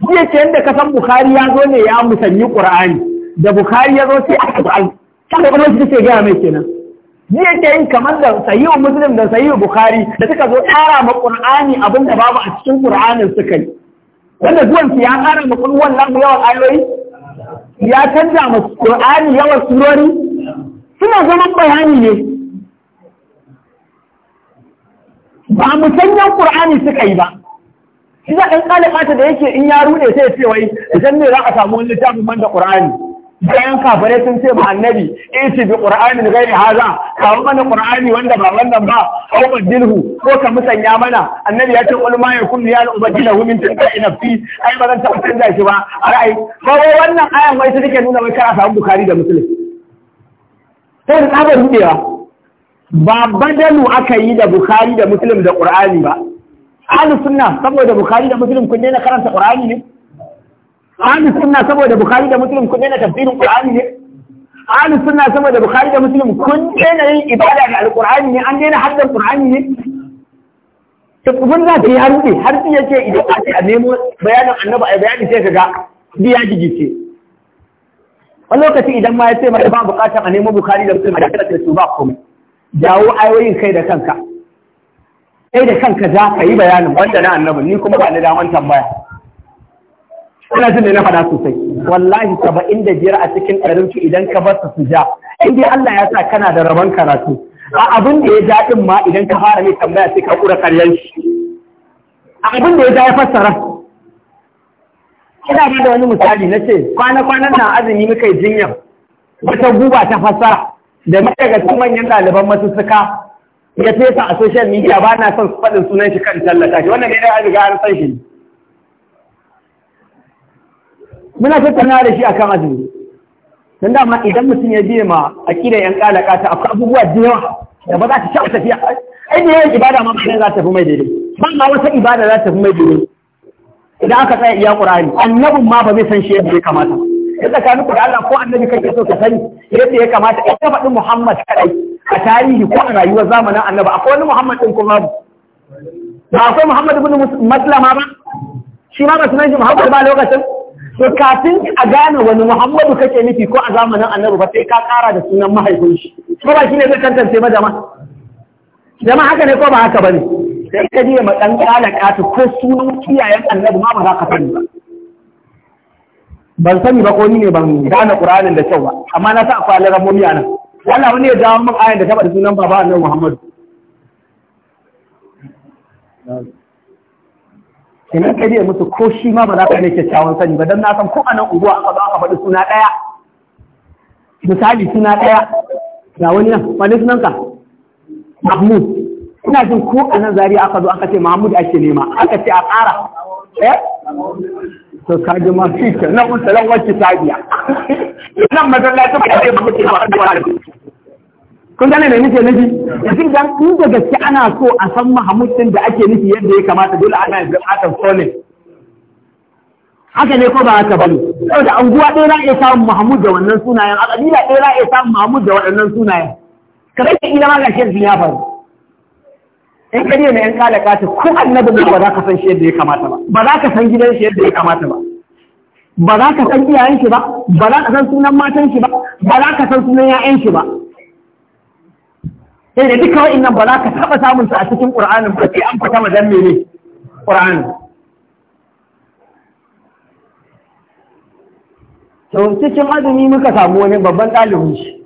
Ni ce yadda ka san Bukhari ya zo ne ya musanyi Ƙur'ani da Bukhari ya zo sai a Ƙur'ani. Kaga kuma shi take gaya mai kenan. Ni ke yin kamar da sahihu Muslim da sahihu Bukhari da suka zo ƙara ma Ƙur'ani abin da babu a cikin Ƙur'anin suka yi. Wanda zuwansu ya ƙara ma kulwan nan yawan ayoyi ya canza ma Qur'ani yawan surori suna zaman bayani ne ba mu canjan Qur'ani suka yi ba shi za ɗan ƙalibata da yake in ya rude sai ce wai idan ne za a samu wani littafin man da Qur'ani bayan kafare sun ce ba annabi iti bi qur'ani gairi haza kawo mana qur'ani wanda ba wannan ba aw badilhu ko ka musanya mana annabi ya ce ulama ya kullu ya ubadilahu min tilka'i nafsi ai ba zan taɓa canza shi ba a ra'ayi ko wannan ayan wai su take nuna wai kar a samu bukari da muslim sai da tsabar rudewa ba badalu aka yi da bukari da muslim da qur'ani ba ahlus sunna saboda bukhari da muslim kun daina karanta qur'ani ne ahli sunna saboda bukhari da muslim kun daina tafsirin qur'ani ne ahli sunna saboda bukhari da muslim kun daina yin ibada da alqur'ani ne an daina haddan qur'ani ne to kun za ta yi har ne har sai yake idan a ce a nemo bayanin annabi ai bayani sai kaga bi ya gigice wani lokaci idan ma ya ce mai ba bukatar a nemo bukhari da muslim a da su ba komai jawo ayoyin kai da kanka kai da kanka za ka yi bayanin wanda na annabi ni kuma ba ni daman tambaya ina jin da na faɗa sosai wallahi saba'in da biyar a cikin ɗarin su idan ka bar su ja in dai Allah ya sa kana da rabon karatu a abin da ya ja ɗin ma idan ka fara mai tambaya sai ka ƙura karyan shi a abin da ya ja ya fassara ina ba da wani misali na ce kwana-kwanan na azumi muka yi jinyar wata guba ta fassara da ma'aikatan manyan ɗaliban masussuka ya fesa a social media ba na son faɗin sunan shi kan tallata shi wannan ne da ya riga an san shi ne. muna tattauna da shi akan azumi don dama idan mutum ya biye ma a kira yan kalaka ta akwai abubuwa da yawa da ba za ta taɓa tafiya ai da yawan ibada ma ba za ta fi mai daidai ba ma wata ibada za ta fi mai daidai idan aka tsaya iya qur'ani annabin ma ba zai san shi yadda ya kamata ya tsakanin ku da Allah ko annabi kake so ka sani yadda ya kamata in ka faɗi Muhammad kadai a tarihi ko a rayuwar zamanin annabi akwai wani Muhammad din kuma ba akwai Muhammad ibn Maslama ba shi ma ba sunan shi Muhammad ba lokacin to kafin a gane wani Muhammadu kake nufi ko a zamanin Annabi ba sai ka kara da sunan mahaifin shi ko ba shine zai tantance ba jama'a jama'a haka ne ko ba haka bane sai ka je ma dan kala ko sunan kiyayen Annabi ma ba za ka sani ba ban sani ba ko ni ne ban gane Qur'anin da kyau ba amma na sa akwai alamomi a nan wani ya jawo min ayan da ta faɗi sunan baba Annabi Muhammadu idan ka je musu ko shi ma ba za ka ne kyakkyawan sani ba don na san ko a nan unguwa aka za ka faɗi suna ɗaya misali suna ɗaya ga wani nan wani sunanka mahmud ina jin ko a nan zari aka zo aka ce mahmud ake nema aka ce a ƙara eh? to ka ji ma fi ke nan unta lan wacce sabiya nan mazan ta ba ta ce ba ta ce ba kun gane mai nake nufi yanzu dan in da gaske ana so a san Mahmud din da ake nufi yadda ya kamata dole ana yin buƙatar sole haka ne ko ba haka ba ne saboda anguwa ɗaya a iya samun Mahmud da wannan sunayen a ƙabila ɗaya a iya samun Mahmud da waɗannan sunayen kada ka ila ma gashe su ya faru in ka ne na yan kala kata ko annabin ba za ka san shi yadda ya kamata ba ba za ka san gidan shi yadda ya kamata ba ba za ka san iyayen shi ba ba za ka san sunan matan shi ba ba za ka san sunan 'ya'yan shi ba da duka nan ba za ka taɓa samun su a cikin ƙur'anin ba sai an fata mazan mene ƙur'anin to cikin azumi muka samu wani babban ɗalibin shi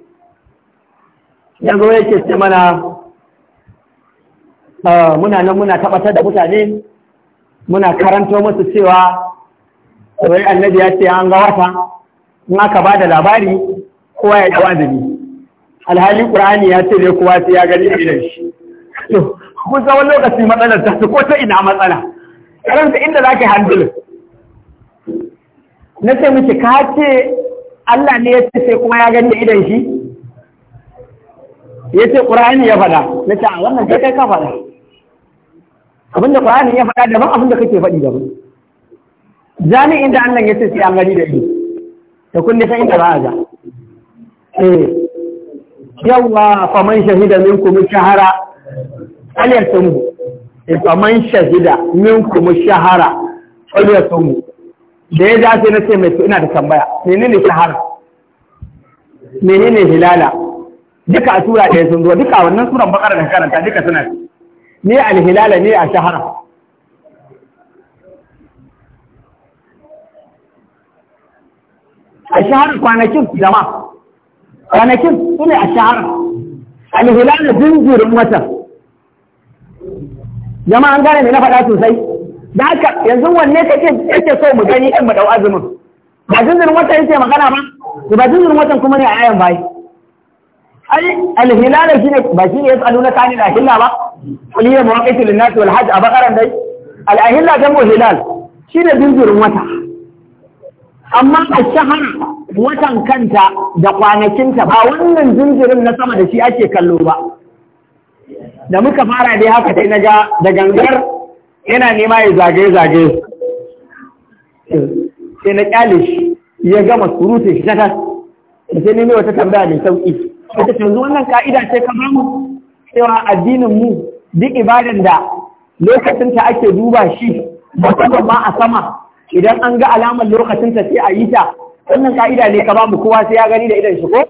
yanzu yake ce mana ah, muna nan muna tabbatar da mutane muna karanto musu cewa wai annabi ya ce an ga wata in aka ba da labari kowa ya ɗau azumi alhali ƙura'ani ya ce dai kuwa sai ya gani a gidan shi to kun san wani lokaci matsalar ta ko ta ina matsala karanta inda yi handle na ce miki ka ce Allah ne ya ce sai kuma ya gani da idan shi ya ce ƙura'ani ya faɗa na ce a wannan sai kai ka faɗa abinda ƙura'ani ya faɗa daban abinda kake faɗi daban jami'in da Allah ya ce sai an gani da ido da kunne san inda ba a ga eh yawwa faman shahida min kuma shahara falyasumhu eh, faman shahida min kuma shahara falyasumhu da ya su yi na ce mai ina da tambaya menene shahara menene hilala duka a tura ɗaya sun zuwa duka a wannan suran bakar da karanta duka suna ne a hilala ne a shahara a shahara kwanakin jama'a kwanakin su ne a shahara alhilal jinjirin wata jama'a an gane ne na faɗa sosai da haka yanzu wanne kake yake so mu gani ɗan mu azumin ba jinjirin wata yake magana ba ba jinjirin watan kuma ne a ayan bayi alhilala shine ba shine ya tsalu na kani alhilla ba kuliyar mawaƙaitu linnasu walhajj a bakaran dai al'ahilla jambo hilal shine jinjirin wata amma a shahar watan kanta da kwanakinta ba wannan jinjirin na sama da shi ake kallo ba da muka fara dai haka dai naga da gangar yana nema ya zage-zage. sai na kyale shi ya gama surutun shi takas sai nemi wata tambaya mai sauki wata canzu wannan ka'ida ce ka bamu cewa addinin mu duk ibadan da lokacin ake duba shi musamman ma a sama idan an ga alamar lokacin ta sai a yi ta wannan ka'ida ne ka ba mu kowa sai ya gani da idan shi ko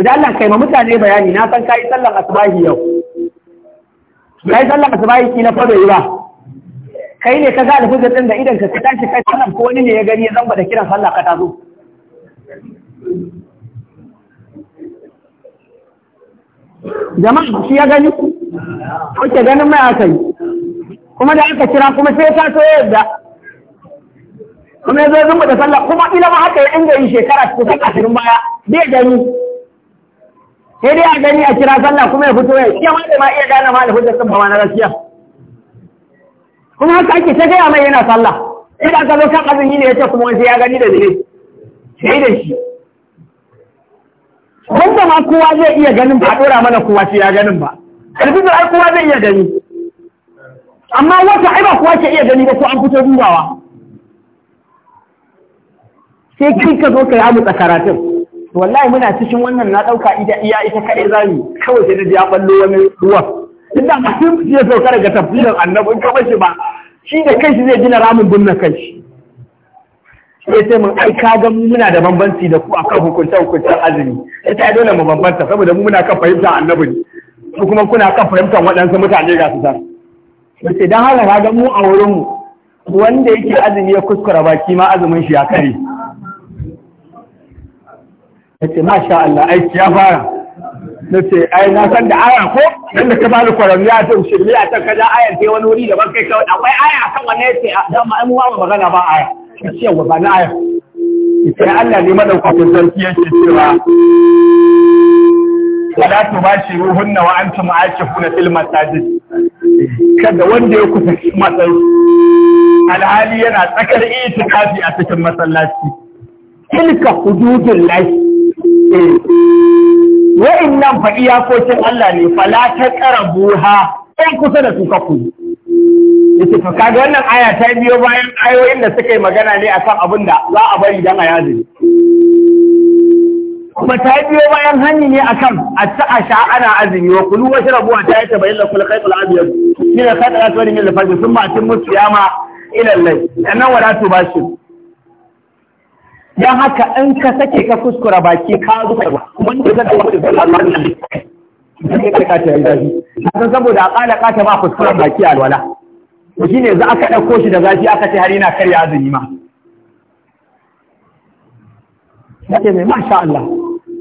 idan Allah kai ma mutane bayani na san kai sallar asbahi yau kai sallar asbahi kila fado yi ba kai ne ka ga alfuzar din da idan ka ka tashi kai sallar ko wani ne ya gani ya zamba da kiran sallah ka zo. jama'a shi ya gani ko ganin mai aka yi kuma da aka kira kuma sai ta so yadda kuma yanzu zumba da sallah kuma ila ma haka ya inga yi shekara cikin ashirin baya bai gani sai dai a gani a kira sallah kuma ya fito ya iya ma da ma iya gane ma da hujjar sun na gaskiya kuma haka ake ta gaya mai yana sallah sai ka zo kan azumi ne ya ce kuma wani ya gani da zai sai da shi wanda ma kowa zai iya ganin ba a ɗora mana kowa sai ya ganin ba ƙarfi da ai kowa zai iya gani amma wata ai ba kowa ke iya gani ba ko an fito dubawa sai kai ka zo ka yi amutsa karatun wallahi muna cikin wannan na ɗauka ita iya ita kaɗai mu kawai sai da ya ɓallo wani ruwa. duk da mutum ya sauka daga tafsirin annabi in ka ba shi da kanshi zai gina ramin binne kanshi sai sai mun ai ka ga muna da bambanci da ku akan hukunta hukuntar azumi sai ta dole mu bambanta saboda mu muna kan fahimta annabi ko kuma kuna kan fahimtar waɗansu mutane ga su san sai dan haka ka ga mu a wurin mu wanda yake azumi ya kuskura baki ma azumin shi ya kare na ce masha Allah aiki ya fara na ce ai na san da aya ko yadda ka bani kwaram ya ta shirme a can kaja ayar sai wani wuri daban kai kawai akwai aya a kan wani yace dan ma mu ba magana ba aya shi yawa ba na aya sai Allah ne madaukakin sarki yake cewa wala tubashiruhunna wa antum aakifuna fil masajid kada wanda ya kusanci matsayi alhali yana tsakar itikafi a cikin masallaci tilka hududul lahi wa'annan fa iyakokin Allah ne fala ta buha, ɗan kusa da su kaku yace to kaga wannan aya ta biyo bayan ayoyin da suka yi magana ne akan abin da za a bari dan a yazi kuma ta biyo bayan hanyi ne akan a sha ana azumi wa kulu wa shrabu wa ta yata bayyana kul khaytul abyad min al khaytul aswad min al fajr thumma atimmu siyama ila al-layl annan wala tubashir don haka in ka sake ka kuskura baki ka zuka ruwa wanda zai da wani zai lalata ne zai kai kata ya yi zafi san saboda akala kata ba kuskuren baki alwala to shine za aka ɗauko shi da zafi aka ce har yana karya azumi ma yake mai masha Allah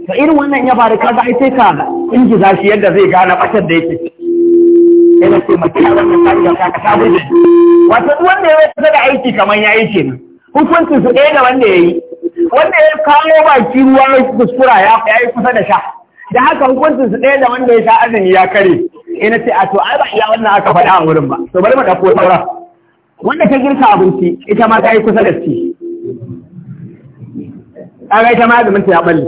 to irin wannan ya faru kaga ai sai ka inji zafi yadda zai gane ɓatar da yake yana ce mutum ya zama ka ka sabu da wato wanda ya yi da aiki kamar ya yi kenan hukuncin su ɗaya da wanda ya yi wanda ya kawo baki ruwa mai kuskura ya yi kusa da sha da haka hukuncin su ɗaya da wanda ya sha azumi ya kare ina ce a to ai ba iya wannan aka faɗa a wurin ba to bari mu ɗauko saura wanda ta girka abinci ita ma ta yi kusa da ci kaga ita ma azumin ta ya balle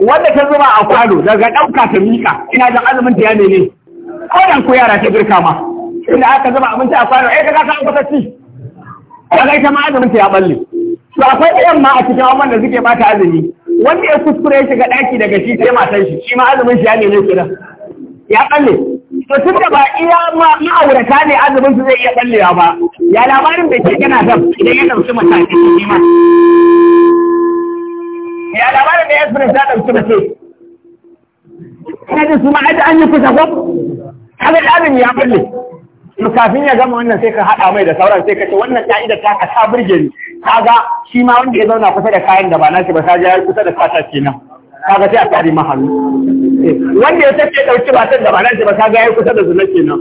wanda ta zuba a kwano daga ɗauka ta mika ina jan azumin ta ya nene ko da ko yara ta girka ma inda aka zuba abinci a kwano ai kaga ka an kusa ci kaga ita ma azumin ta ya balle to akwai ɗayan ma a cikin abubuwan da suke bata azumi wanda ya kuskure shiga ɗaki daga shi sai matan shi shi ma azumin shi ya nemi kira ya kalle to tun da ba iya ma'aurata ne azumin su zai iya kallewa ba ya labarin da ke kana zam idan ya ɗauki matakin shi ma ya labarin da ya fura da ɗauki mace kana da su ma an yi kusa ko kada azumi ya kalle to kafin ya gama wannan sai ka haɗa mai da sauran sai ka ce wannan ka'ida ta ka ta burge ni kaga shi ma wanda ya zauna kusa da kayan da ba nashi ba kaga ya kusa da fata kenan kaga sai a tare mahallu wanda ya tafi dauki batan da ba nashi ba kaga ya kusa da zuna kenan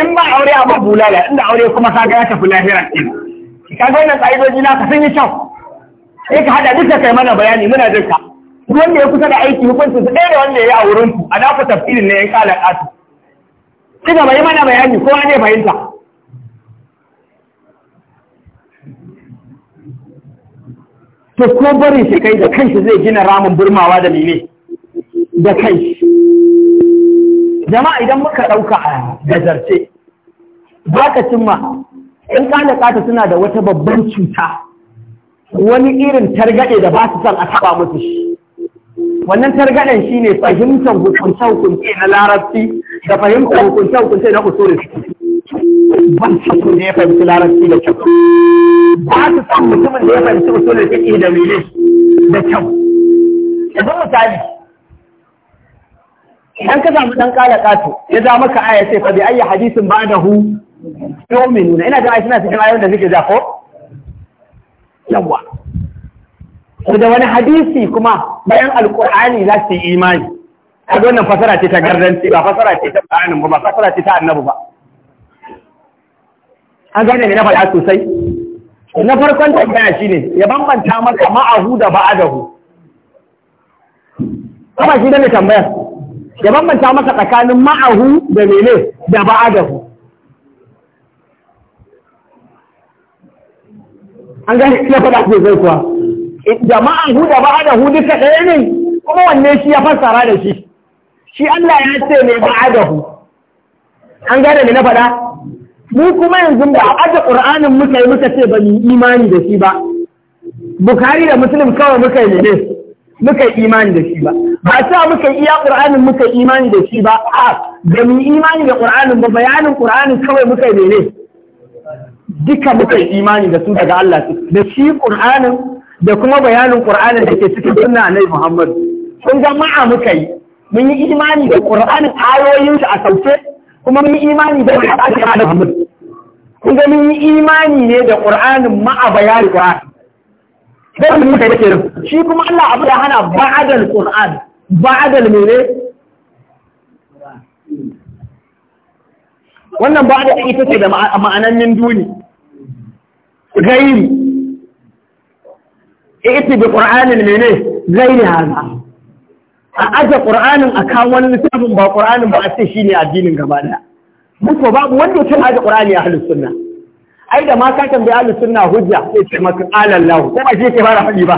in ba aure a ba bulala inda aure kuma kaga ya tafi lahira kenan kaga wannan ka'idoji na ka sun kyau sai ka haɗa duka kai mana bayani muna jinka wanda ya kusa da aiki hukuncin su ɗaya da wanda ya yi a wurin ku a naku tafsirin ne yan kalan asu ci bai yi mana bayani ko zai fahimta to ko barin shi kai da kanshi zai gina ramin burmawa da mene da kanshi jama'a idan muka ɗauka a gazarce ba ka cimma in kana kata suna da wata babban cuta wani irin targaɗe da ba su san a taɓa musu shi wannan targaɗen shi ne fahimtar hukunce-hukunce na larabci da fahimtar hukunce hukunce na usulin ban cikin da ya fahimci larabci da kyau ba su san mutumin da ya fahimci usulin fiƙi da wili da kyau yanzu misali idan ka samu ɗan kala kato ya za maka aya sai fa bi ayyi hadisin ba da hu yu'minuna ina ga suna cikin ayoyin da suke da ko yawa da wani hadisi kuma bayan alqur'ani za su yi imani a wannan fasara ce ta gardanci ba fasara ce ta ƙaranin ba fasara ce ta annabu ba an gane ne na faɗa sosai na farkon tambaya ne, ya bambanta maka ma'ahu da ba'adahu kuma shi ne tambaya ya bambanta maka tsakanin ma'ahu da mene da ba'adahu an gane na faɗa sosai kuwa da ma'ahu da ba'adahu duka ɗaya ne kuma wanne shi ya fassara da shi shi Allah ya ce ne ba adahu an gane ne na faɗa mu kuma yanzu ba aje qur'anin muka yi muka ce ba mu imani da shi ba bukhari da muslim kawai muka yi ne muka yi imani da shi ba ba ta muka iya qur'anin muka yi imani da shi ba a da mu imani da qur'anin ba bayanin qur'anin kawai muka yi ne duka muka yi imani da su daga Allah da shi qur'anin da kuma bayanin qur'anin da ke cikin sunna annabi Muhammad kun ga ma'a muka yi mun yi imani da Qur'anin ayoyinsa a sauke kuma mun yi imani da Qur'anin da Muhammad kun ga mun yi imani ne da Qur'anin ma a bayani Qur'an da mun kai da shi kuma Allah abu da hana ba'dal Qur'an ba'dal mene wannan ba'da ita ce da ma'anannin duni gairi ita bi Qur'anin mene gairi hada a aje ƙur'anin a kawo wani littafin ba ƙur'anin ba a ce shi ne addinin gaba ɗaya muku babu wanda ya aje ƙur'ani a halin sunna ai da ma ka tambayi halin sunna hujja sai ce maka ƙalan lahu ko ba shi ke fara faɗi ba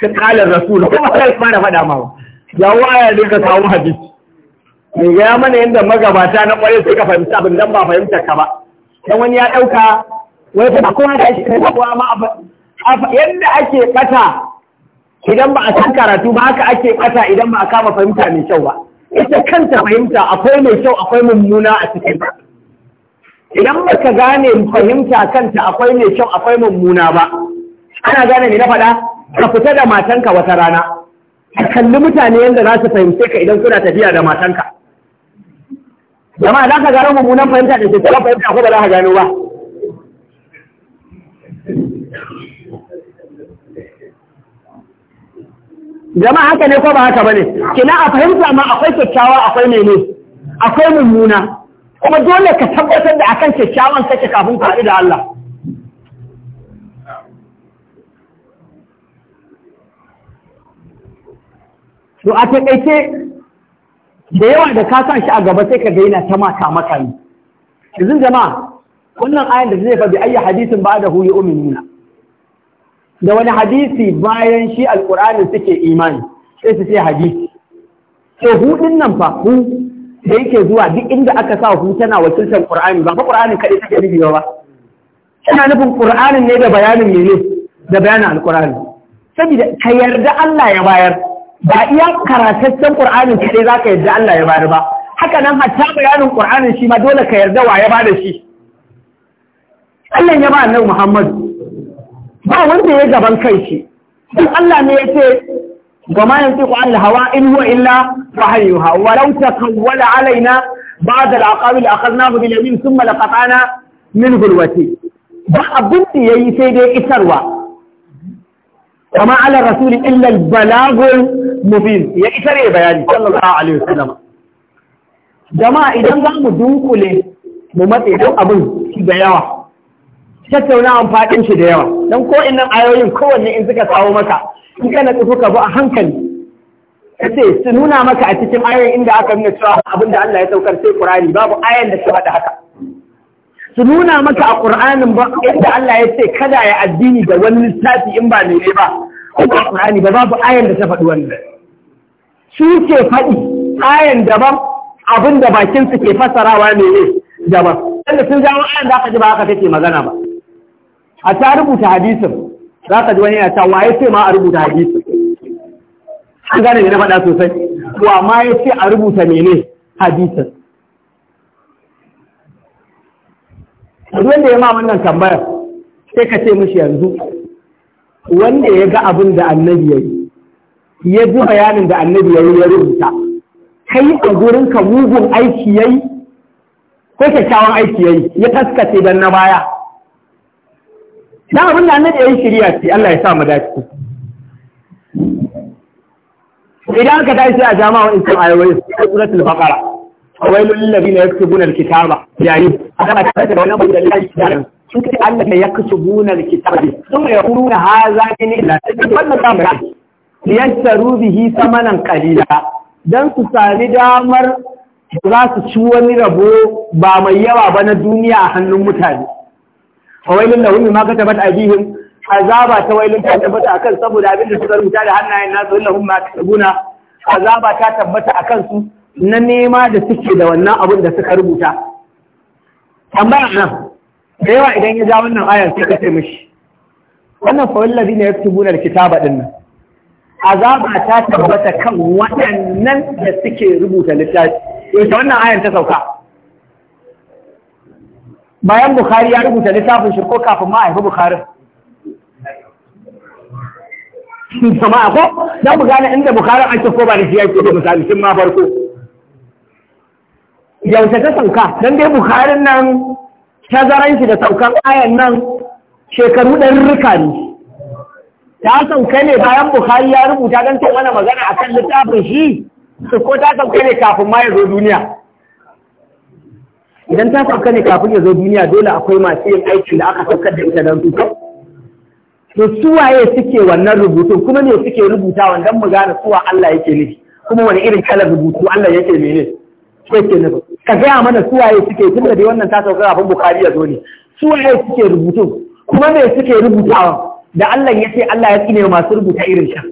ka ƙalan rasulu ko ba ka fara faɗa ma ba Ya waya ne ka kawo hadisi Me gaya mana yadda magabata na ƙwarai suka fahimci abin dan ba fahimta ka ba dan wani ya ɗauka wai ba kowa ta shi kai ba yadda ake ɓata idan ba a san karatu ba haka ake bata idan ba a kama fahimta mai kyau ba ita kanta fahimta akwai mai kyau akwai mummuna a cikin ta idan ba ka gane fahimta kanta akwai mai kyau akwai mummuna ba ana gane ne na faɗa ka fita da matanka wata rana ka kalli mutane yadda za su fahimce ka idan kuna tafiya da matanka jama'a za ka gano mummunan fahimta da ke fahimta ko ba za ka gano ba jama'a haka ne ko ba haka bane kina a fahimta ma akwai kyakkyawa akwai mene akwai mummuna kuma dole ka tabbatar da akan kyakkyawan kake kafin ka da Allah to a taƙaice da yawa da ka san shi a gaba sai ka ga yana ta maka maka ne yanzu jama'a wannan ayan da zai fa bi ayyi hadisin ba da huyu uminuna da wani hadisi bayan shi alƙur'ani suke imani sai su sai hadisi to hudin nan fa hu da yake zuwa duk inda aka sa hu tana wakiltar ƙur'ani ba fa ƙur'ani kaɗai take nufi ba Ina nufin ƙur'anin ne da bayanin mene da bayanin alƙur'ani saboda ka yarda Allah ya bayar ba iya karataccen ƙur'anin kaɗai za ka yarda Allah ya bayar ba haka nan hatta bayanin ƙur'anin shi ma dole ka yarda wa ya bada shi Allah ya ba annabi Muhammad. ba wanda ya gaban kai shi duk Allah ne yace wa ma yantiqu an hawa in huwa illa wahyuha wa law taqawwala alaina ba'd al-aqawil akhadnahu bil yamin thumma laqatana min gulwati ba abin da yayi sai dai isarwa kama ala rasul illa al-balagul mubin ya isare bayani sallallahu alaihi wasallam jama'a idan za mu dunkule mu matse duk abin da yawa tattaunawan faɗin shi da yawa don ko innan ayoyin kowanne in suka kawo maka in kana tsufu ka bu a hankali kace su nuna maka a cikin ayoyin inda aka nuna cewa abin da Allah ya saukar sai Qur'ani babu ayan da su haɗa haka su nuna maka a Qur'anin ba inda Allah ya ce kada ya addini da wani littafi in ba ne ba ko Qur'ani ba babu ayan da ta faɗi wannan su ke faɗi ayan daban abin da bakin su ke fasarawa ne daban wanda sun jawo ayan da aka ji ba haka take magana ba a ta rubuta hadisin za ka ji wani yana ta waye ce ma a rubuta hadisin an gane ne na faɗa sosai wa ma ya ce a rubuta mene hadisin wanda ya ma wannan tambayar sai ka ce mashi yanzu wanda ya ga abin da annabi ya yi ya ji bayanin da annabi ya yi ya rubuta kai a ka mugun aiki ya yi ko kyakkyawan aiki ya yi ya kaskace don na baya dan abin da annabi yi shari'a ce Allah ya sa mu dace idan aka tashi a jama'a in san ayoyi suratul baqara wailul lil ladina yaktubuna alkitaba yani aka ta da wannan bayanin da yake sun ce Allah ya yaktubuna alkitaba sun ya kuruna haza ne la wannan kamar yasaru bihi samanan qalila dan su sami damar za su ci wani rabo ba mai yawa ba na duniya a hannun mutane fawailin da maka ma a jihin azaba ta wailin ta tabbata kan saboda abin da suka rubuta da hannayen nasu wala hum ma tabbuna azaba ta tabbata a kansu na nema da suke da wannan abin da suka rubuta tambaya nan da yawa idan ya ja wannan ayar sai ka ce mishi wannan fa wallazi ne yaktubuna alkitaba din nan azaba ta tabbata kan waɗannan da suke rubuta littafi yau wannan ayar ta sauka bayan Bukhari ya rubuta littafin shi ko kafin ma a haifi Bukhari. Jama'a ko za mu gane inda Bukhari an ce ko ba da shi yake da misali ma farko. Yaushe ta sauka don dai Bukhari nan tazaran shi da saukan ayan nan shekaru ɗan rika ne. Ta sauka ne bayan Bukhari ya rubuta don ta wani magana akan littafin shi ko ta sauka ne kafin ma ya zo duniya. idan ta sauka ne kafin ya zo duniya dole akwai masu yin aiki da aka saukar da ita don su to suwaye suke wannan rubutun kuma ne suke rubuta wannan mu gane suwa Allah yake nufi kuma wani irin kalar rubutu Allah yake mene ke nufi ka gaya mana suwaye suke da dai wannan ta sauka kafin Bukhari ya zo ne suwaye suke rubutu kuma ne suke rubutawa da Allah ya ce Allah ya tsine masu rubuta irin shan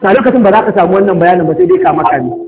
a lokacin ba za ka samu wannan bayanin ba sai dai kama kami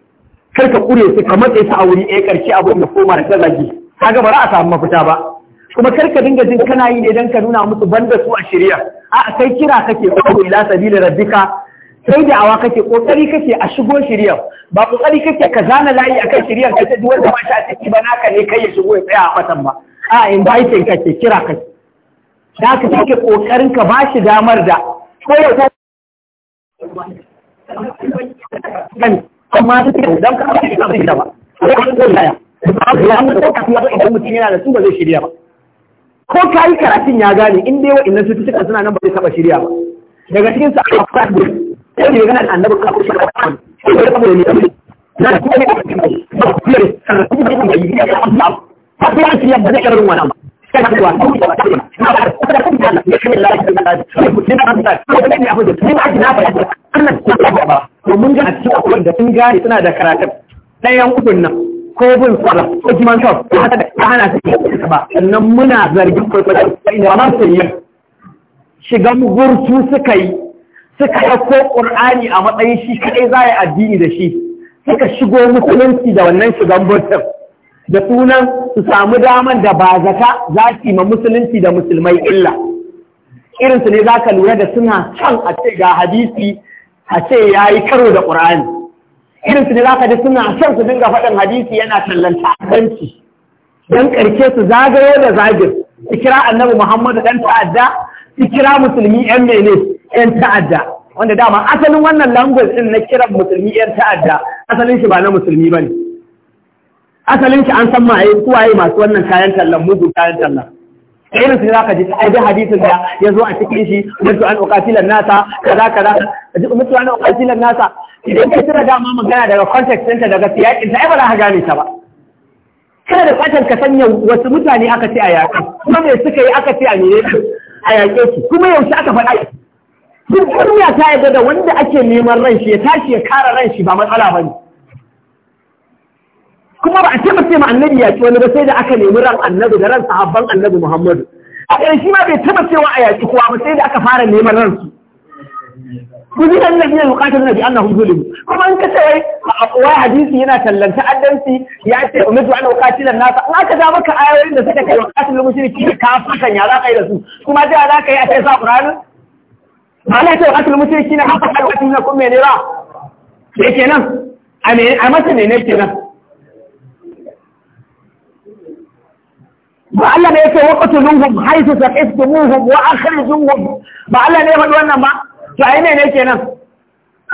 kar ka kure su ka matse su a wuri ɗaya ƙarshe abin da koma da tsallaki kaga ba za a samu mafita ba kuma kar ka dinga jin kana yi idan ka nuna musu banda su a shirya a kai kira kake ko ila sabila rabbika sai da awa kake kokari kake a shigo shirya ba kokari kake ka zana layi a kan shirya ka ta duwar da ba shi a ciki ba naka ne kai ya shigo ya tsaya a fatan ba a inviting kake kira kake da ka take kokarin ka ba shi damar da ko ya amma su ce dan ka ba zai shirya ba sai an ko laya ya an zo kafin ya idan mutum yana da su ba zai shirya ba ko kai karatun ya gane in dai wa'annan cututtuka suna nan ba zai taba shirya ba daga cikin sa a fara da sai ne da annabi ka kusa da kan sai da kuma ne na kuma ne ba ku ne kan ku ne ba yi ne, ba ba ya shirya ba zai karin wannan كان هو mun ga da sun gane suna da karatun ɗayan ukun nan ko bin ko shop ko da ba sannan muna zargin kwaikwayon da ma su yi shigan gurtu suka yi suka ƙur'ani a matsayin shi kaɗai za a yi addini da shi suka shigo musulunci da wannan shigan burtun da sunan su samu daman da ba zaka za su ma musulunci da musulmai illa irinsu ne za ka lura da suna can a ce ga hadisi a ce ya yi karo da ƙur'ani irinsu ne za ka ji suna can su dinga faɗin hadisi yana tallanta banci don ƙarke su zagayo da zagir su kira annabi muhammadu ɗan ta'adda su kira musulmi yan mene yan ta'adda wanda dama asalin wannan language ɗin na kiran musulmi yan ta'adda asalin shi ba na musulmi ba ne asalin shi an san ma ai kuwaye masu wannan kayan tallan mugun kayan tallan irin sai zaka ji ai da hadisin da ya zo a cikin shi mutu an uqatilan nasa kaza kaza mutu an uqatilan nasa idan ka tira dama magana daga context ɗinta daga siyakin ta ai ba za ka gane ta ba kada da fatan ka sanya wasu mutane aka ce a yaƙi kuma me suka yi aka ce a ne a yaƙe su kuma yaushe aka faɗa duk duniya ta yarda da wanda ake neman ran shi ya tashi ya kare ran shi ba matsala ba ne kuma ba a ce mace ma annabi ya ci wani ba sai da aka nemi ran annabi da ran sahabban annabi Muhammadu a ƙarshe ma bai taba cewa a yaƙi kowa ba sai da aka fara neman ran su kuzi nan na biyan bukatar nabi hudu zulim kuma in ce wai wai hadisi yana tallanta addansi ya ce umitu an uqatilan nasa. Na aka da maka ayoyin da suka kai uqatilul mushriki ka fakan ya za ka yi da su kuma da za ka yi a kai sa qur'anin Allah ya ce uqatilul mushriki na haka kai wa tinna kun ba? Me kenan a me a ne ne kenan ba Allah ne yake waqtuluhum haythu wa ba Allah ne faɗi wannan ba to ai ne ne kenan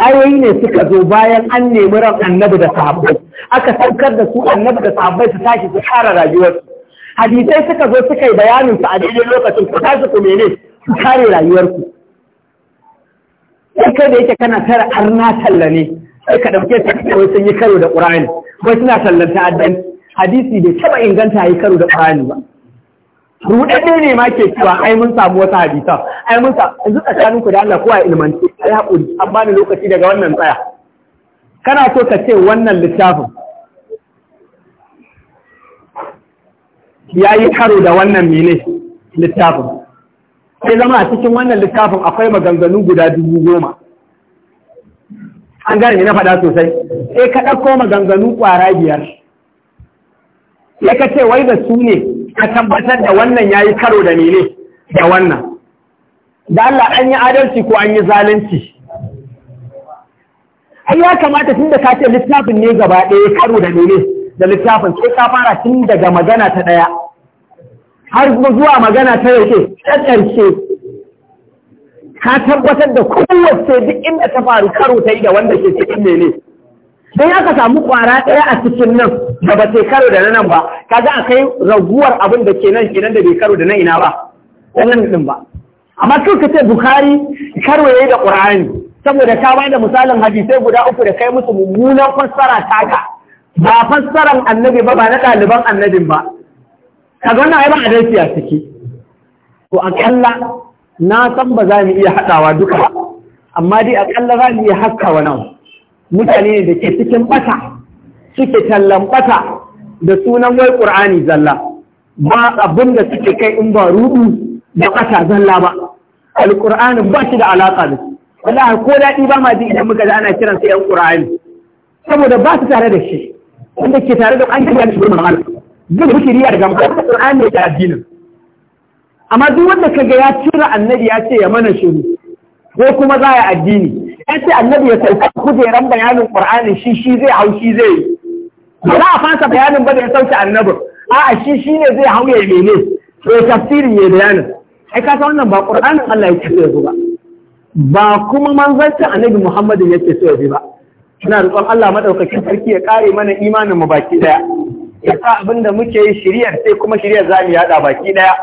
ayoyi ne suka zo bayan an nemi ran annabi da sahabbai aka saukar da su annabi da sahabbai su tashi su kara rayuwarsu hadisai suka zo suka yi bayanin su a daidai lokacin ku tashi ku mene kare rayuwarku sai kai da yake kana tara arna talla ne sai ka dauke ta wai sun yi karo da qur'ani wai suna tallanta addanci hadisi bai taba inganta yi karo da ƙarani ba rudadde ne ma ke cewa ai mun samu wata hadisa ai mun samu yanzu tsakanin ku da Allah kowa ilmanci ai haƙuri. an bani lokaci daga wannan tsaya kana so ka ce wannan littafin ya yi karo da wannan mene littafin sai zama a cikin wannan littafin akwai maganganu guda dubu goma an gane na faɗa sosai sai eh, ka ɗauko maganganu ƙwara biyar Ya ka ce wai da su ne ka tabbatar da wannan ya yi karo da mene da wannan da Allah an yi adalci ko an yi zalunci ai ya kamata tun da ka ce littafin ne gaba ɗaya karo da mene da littafin sai ka fara tun daga magana ta ɗaya har zuwa magana ta yake ta ƙarshe ka tabbatar da kowace duk inda ta faru karo ta yi da wanda ke cikin mene sai aka samu kwara ɗaya a cikin nan da ba sai karo da nan ba kaga kai raguwar abin da ke nan kenan da bai karo da na ina ba wannan din ba amma kai ka ce bukhari karo yayi da qur'ani saboda ka bai da misalin hadisai guda uku da kai musu mummunan fassara taka ba fassaran annabi ba ba na ɗaliban annabin ba kaga wannan ai ba adalci a ciki to akalla na san ba za mu iya haɗawa duka amma dai akalla za mu iya haskawa nawa mutane ne da ke cikin bata suke tallan bata da sunan wai ƙur'ani zalla ba abin da suke kai in ba rudu da ɓata zalla ba alƙur'ani ba shi da alaƙa da su wallahi ko daɗi ba ma ji idan muka da ana kiran sa ƴan ƙur'ani saboda ba su tare da shi wanda ke tare da an kiran da shi mahal zai fi riya da gambar ƙur'ani da addinin amma duk wanda kaga ya cira annabi ya ce ya mana shiru ko kuma za a yi addini ce annabi ya sauka kujeran bayanin qur'anin shi shi zai hau shi zai yi ba za a fasa bayanin ba da ya sauke annabi a'a shi shi ne zai hau ya mene to tafsirin ya bayanin ai ka wannan ba qur'anin Allah yake so ya ba ba kuma manzancin annabi Muhammad yake so ya ba ina roƙon Allah madaukakin sarki ya kare mana imanin mu baki daya ya sa muke yi shiriyar sai kuma shiriyar za mu yada baki daya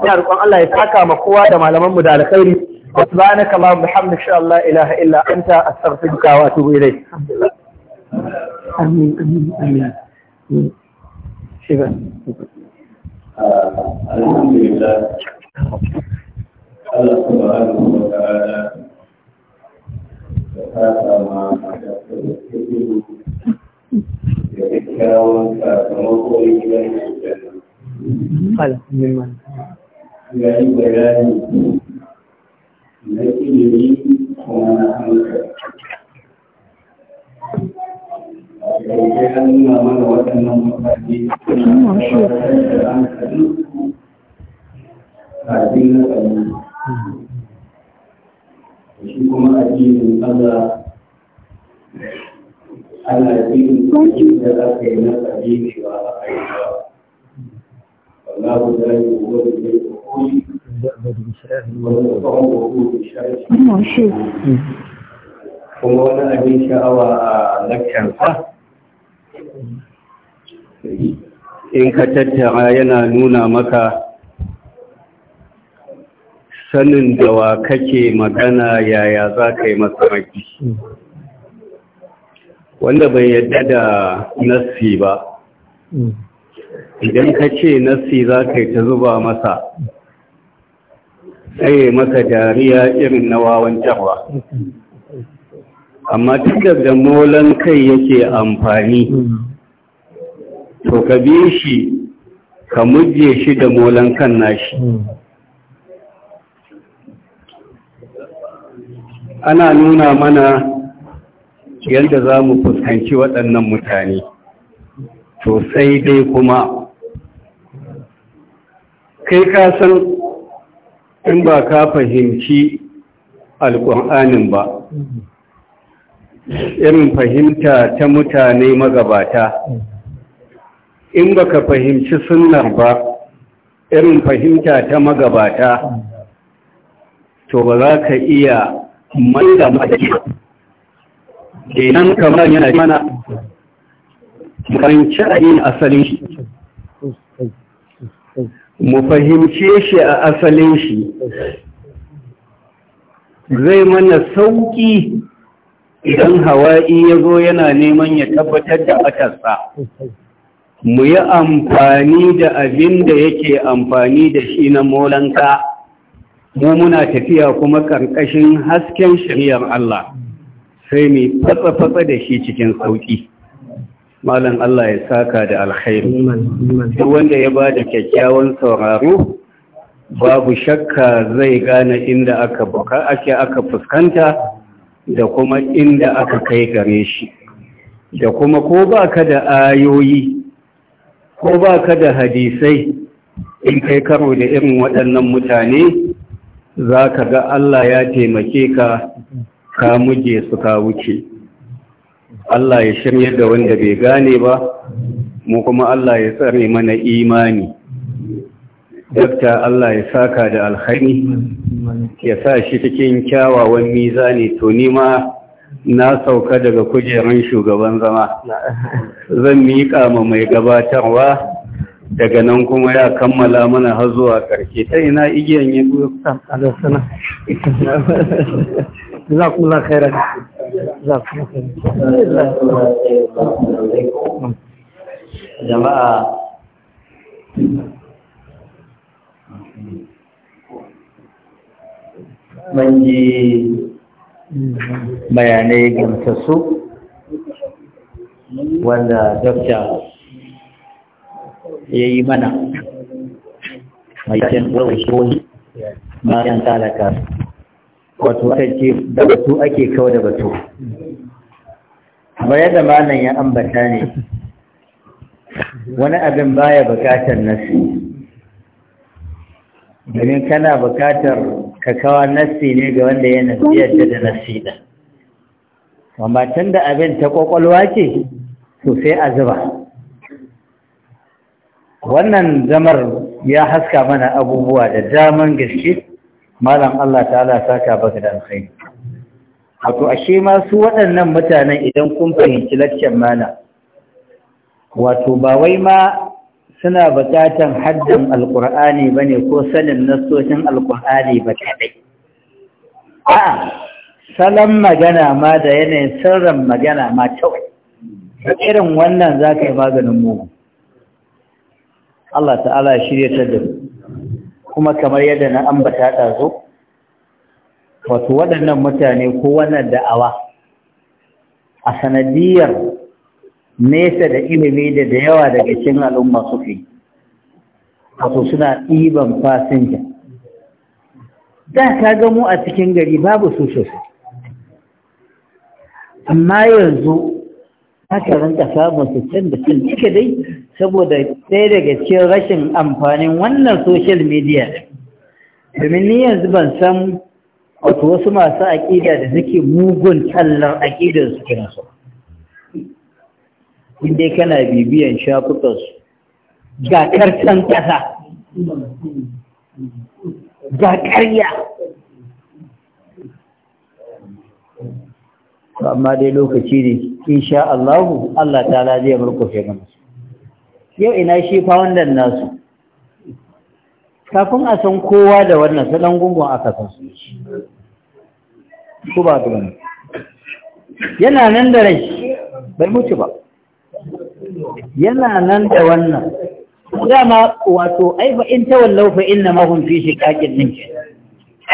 ina roƙon Allah ya saka ma kowa da malaman mu da alkhairi سبحانك اللهم بحمدك شاء الله إله إلا أنت أستغفرك وأتوب إليك آمين آمين آمين, آمين. آه، شبا الحمد لله الله سبحانه وتعالى وفاتا ما يقول يتكاون فاتموه إليه na ilimi kuma na hankali a mana waɗannan mutane na shi kuma addinin Allah ana yin kuɗi da za yi na ƙarfi ne ba a da yi wa wani zai kuma abin sha'awa a lakcansa in ka tattara yana nuna maka sanin da wa kake magana yaya za ka yi masamaki wanda bai yadda da nassi ba idan ka ce nassi za ka yi ta zuba masa sai maka dariya irin na wawan jarwa amma tun da molan kai yake amfani to ka bi shi ka muje shi da molan kan nashi ana nuna mana yadda za mu fuskanci waɗannan mutane to sai dai kuma kai ka san in ba ka fahimci alƙun'anin ba irin fahimta ta mutane magabata in ba ka fahimci sunnar ba irin fahimta ta magabata to ba za ka iya mai da kenan kamar yana mana fahimci ainihin asalin shi mu fahimce shi a asalin shi zai mana sauƙi idan hawa'i ya zo yana neman ya tabbatar da akasa mu yi amfani da abin da yake amfani da shi na molanka mu muna tafiya kuma ƙarƙashin hasken shari'ar Allah sai mai fatsa-fatsa da shi cikin sauƙi malam Allah ya saka da alkhairi duk wanda ya ba da kyakkyawan sauraro babu shakka zai gane inda aka buka ake aka fuskanta da kuma inda aka kai gare shi da kuma ko baka da ayoyi ko baka da hadisai in kai karo da irin waɗannan mutane za ka ga Allah ya taimake ka ka muje su ka wuce Allah ya shirya da wanda bai gane ba mu kuma Allah ya tsare mana imani dakta Allah ya saka da alhari ya sa shi cikin kyawawan miza ne. to nima na sauka daga kujerun shugaban zama zan miƙa ma mai gabatarwa daga nan kuma ya kammala mana har zuwa ƙarshe ta ina igiyan yin جزاكم الله خيرا جزاكم الله خيرا جماعة من جي بياني جمتسو wanda dokta ya yi mana mai kyan ɗaukowar bayan talaka wato kake da batu ake kawo da batu bayan da malam ya ambata ne wani abin baya bukatar nasi domin kana bukatar ka kawo nasi ne ga wanda ya nasi yadda da nasi da amma tun da abin ta kwakwalwa ce to sai a zuba wannan zamar ya haska mana abubuwa da daman gaske malam Allah ta'ala saka baka da alkhairi wato ashe ma su waɗannan mutanen idan kun fahimci laccan mana. wato ba wai ma suna buƙatan haddan alƙur'ani ba ne ko sanin nassocin alƙur'ani ba kaɗai a salon magana ma da yanayin sirrin magana ma kawai da irin wannan za ka yi maganin mu Allah ta'ala shirya ta da kuma kamar yadda na ambata zo, wato waɗannan mutane ko wannan da'awa a sanadiyar nesa da ilimi da da yawa daga cikin al'umma suke wato suna ɗiban fasinja da ka gamo a cikin gari babu su sosai amma yanzu haka rinka samun su can da can cike dai saboda ɗaya daga cikin rashin amfanin wannan social media domin ni yanzu ban san wato wasu masu aƙida da suke mugun tallar aƙidar su kira su inda kana bibiyan shafukansu ga karkan ƙasa ga ƙarya amma dai lokaci ne sha Allahu Allah ta zai murkushe ga musu yau ina shi wannan nasu kafin a san kowa da wannan su dan gungun aka san su ku ba gani yana nan da rai bai mutu ba yana nan da wannan dama wato ai fa in tawallau fa inna ma hum fi shiqaqin min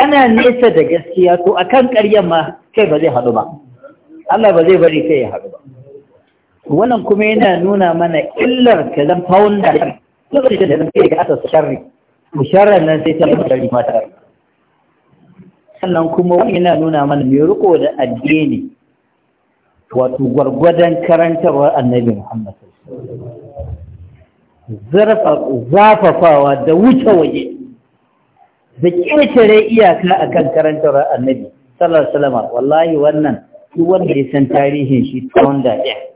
ana nesa da gaskiya to akan ƙaryar ma kai ba zai haɗu ba Allah ba zai bari kai ya haɗu ba wannan kuma yana nuna mana illar ka zan founder lokacin da zan kai ga asasa sharri musharrar nan sai ta zama sharri mata sannan kuma wani yana nuna mana mai riko da addini wato gwargwadon karantarwar annabi Muhammad zafafawa da wuce waje da kirkire iyaka akan karantarwar annabi sallallahu alaihi wallahi wannan duk wanda ya san tarihin shi ta wanda ɗaya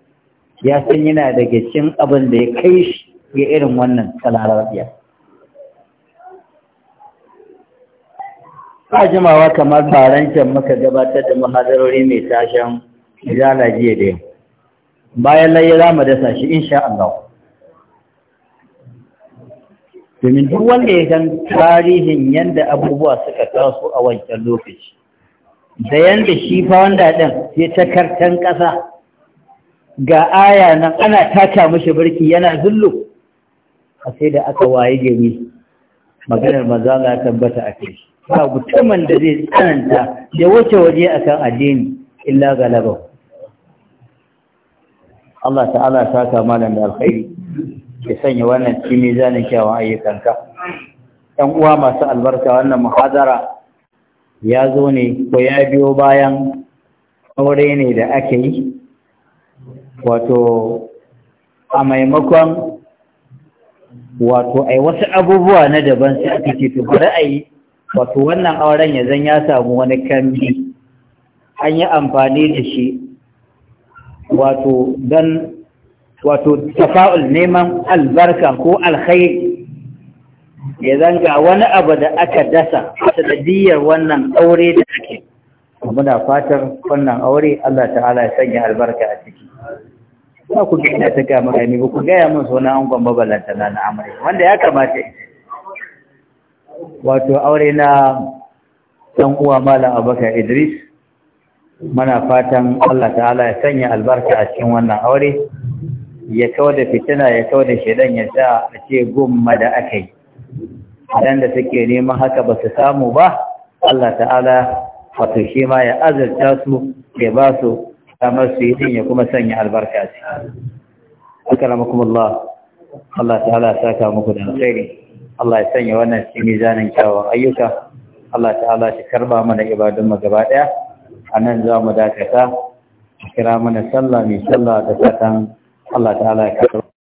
ya san yana daga cikin abin da ya kai shi ga irin wannan tsalararriya a jimawa kamar barancan muka gabatar da mahadarori mai tashen izala jiya da yau bayan layi za mu dasa shi insha Allah domin duk wanda ya san tarihin yadda abubuwa suka taso a wancan lokaci da yadda shi fa wanda ɗin ya takartan ƙasa ga aya nan ana taka mashi barki yana zullu a sai da aka waye gari maganar maza na tabbata a kai ba mutumin da zai tsananta ya wuce waje akan addini illa galaba Allah ta'ala ta saka malam da alkhairi ke sanya wannan cimi zanen kyawun ayyukanka ɗan uwa masu albarka wannan muhadara ya zo ne ko ya biyo bayan aure ne da ake yi wato a maimakon wato ai wasu abubuwa na daban sai aka ce to bari a yi wato wannan auren ya zan ya samu wani kambi an yi amfani da shi wato don wato tafa'ul neman albarka ko alkhairi ya zanga wani abu da aka dasa sanadiyar wannan aure da ake muna fatar wannan aure Allah ta'ala ya sanya albarka a ciki ba ku ga ina ta gaya maka ne ba ku gaya min suna angon mabalanta na na amurka wanda ya kamata wato aure na ɗan uwa malam abubakar idris mana fatan allah ta'ala ya sanya albarka a cikin wannan aure ya kawo da fitina ya kawo da shaidan ya sa a ce gumma da aka yi da suke neman haka ba su samu ba allah ta'ala wato shi ma ya azurta su ya ba su damar su yi ya kuma sanya albarka ce akramakumullah Allah ta'ala ya saka muku da alkhairi Allah ya sanya wannan cikin zanen kyawun ayyuka Allah ta'ala shi karba mana ibadun mu gaba a nan za mu dakata kira mana sallah mai sallah da fatan Allah ta'ala ya karba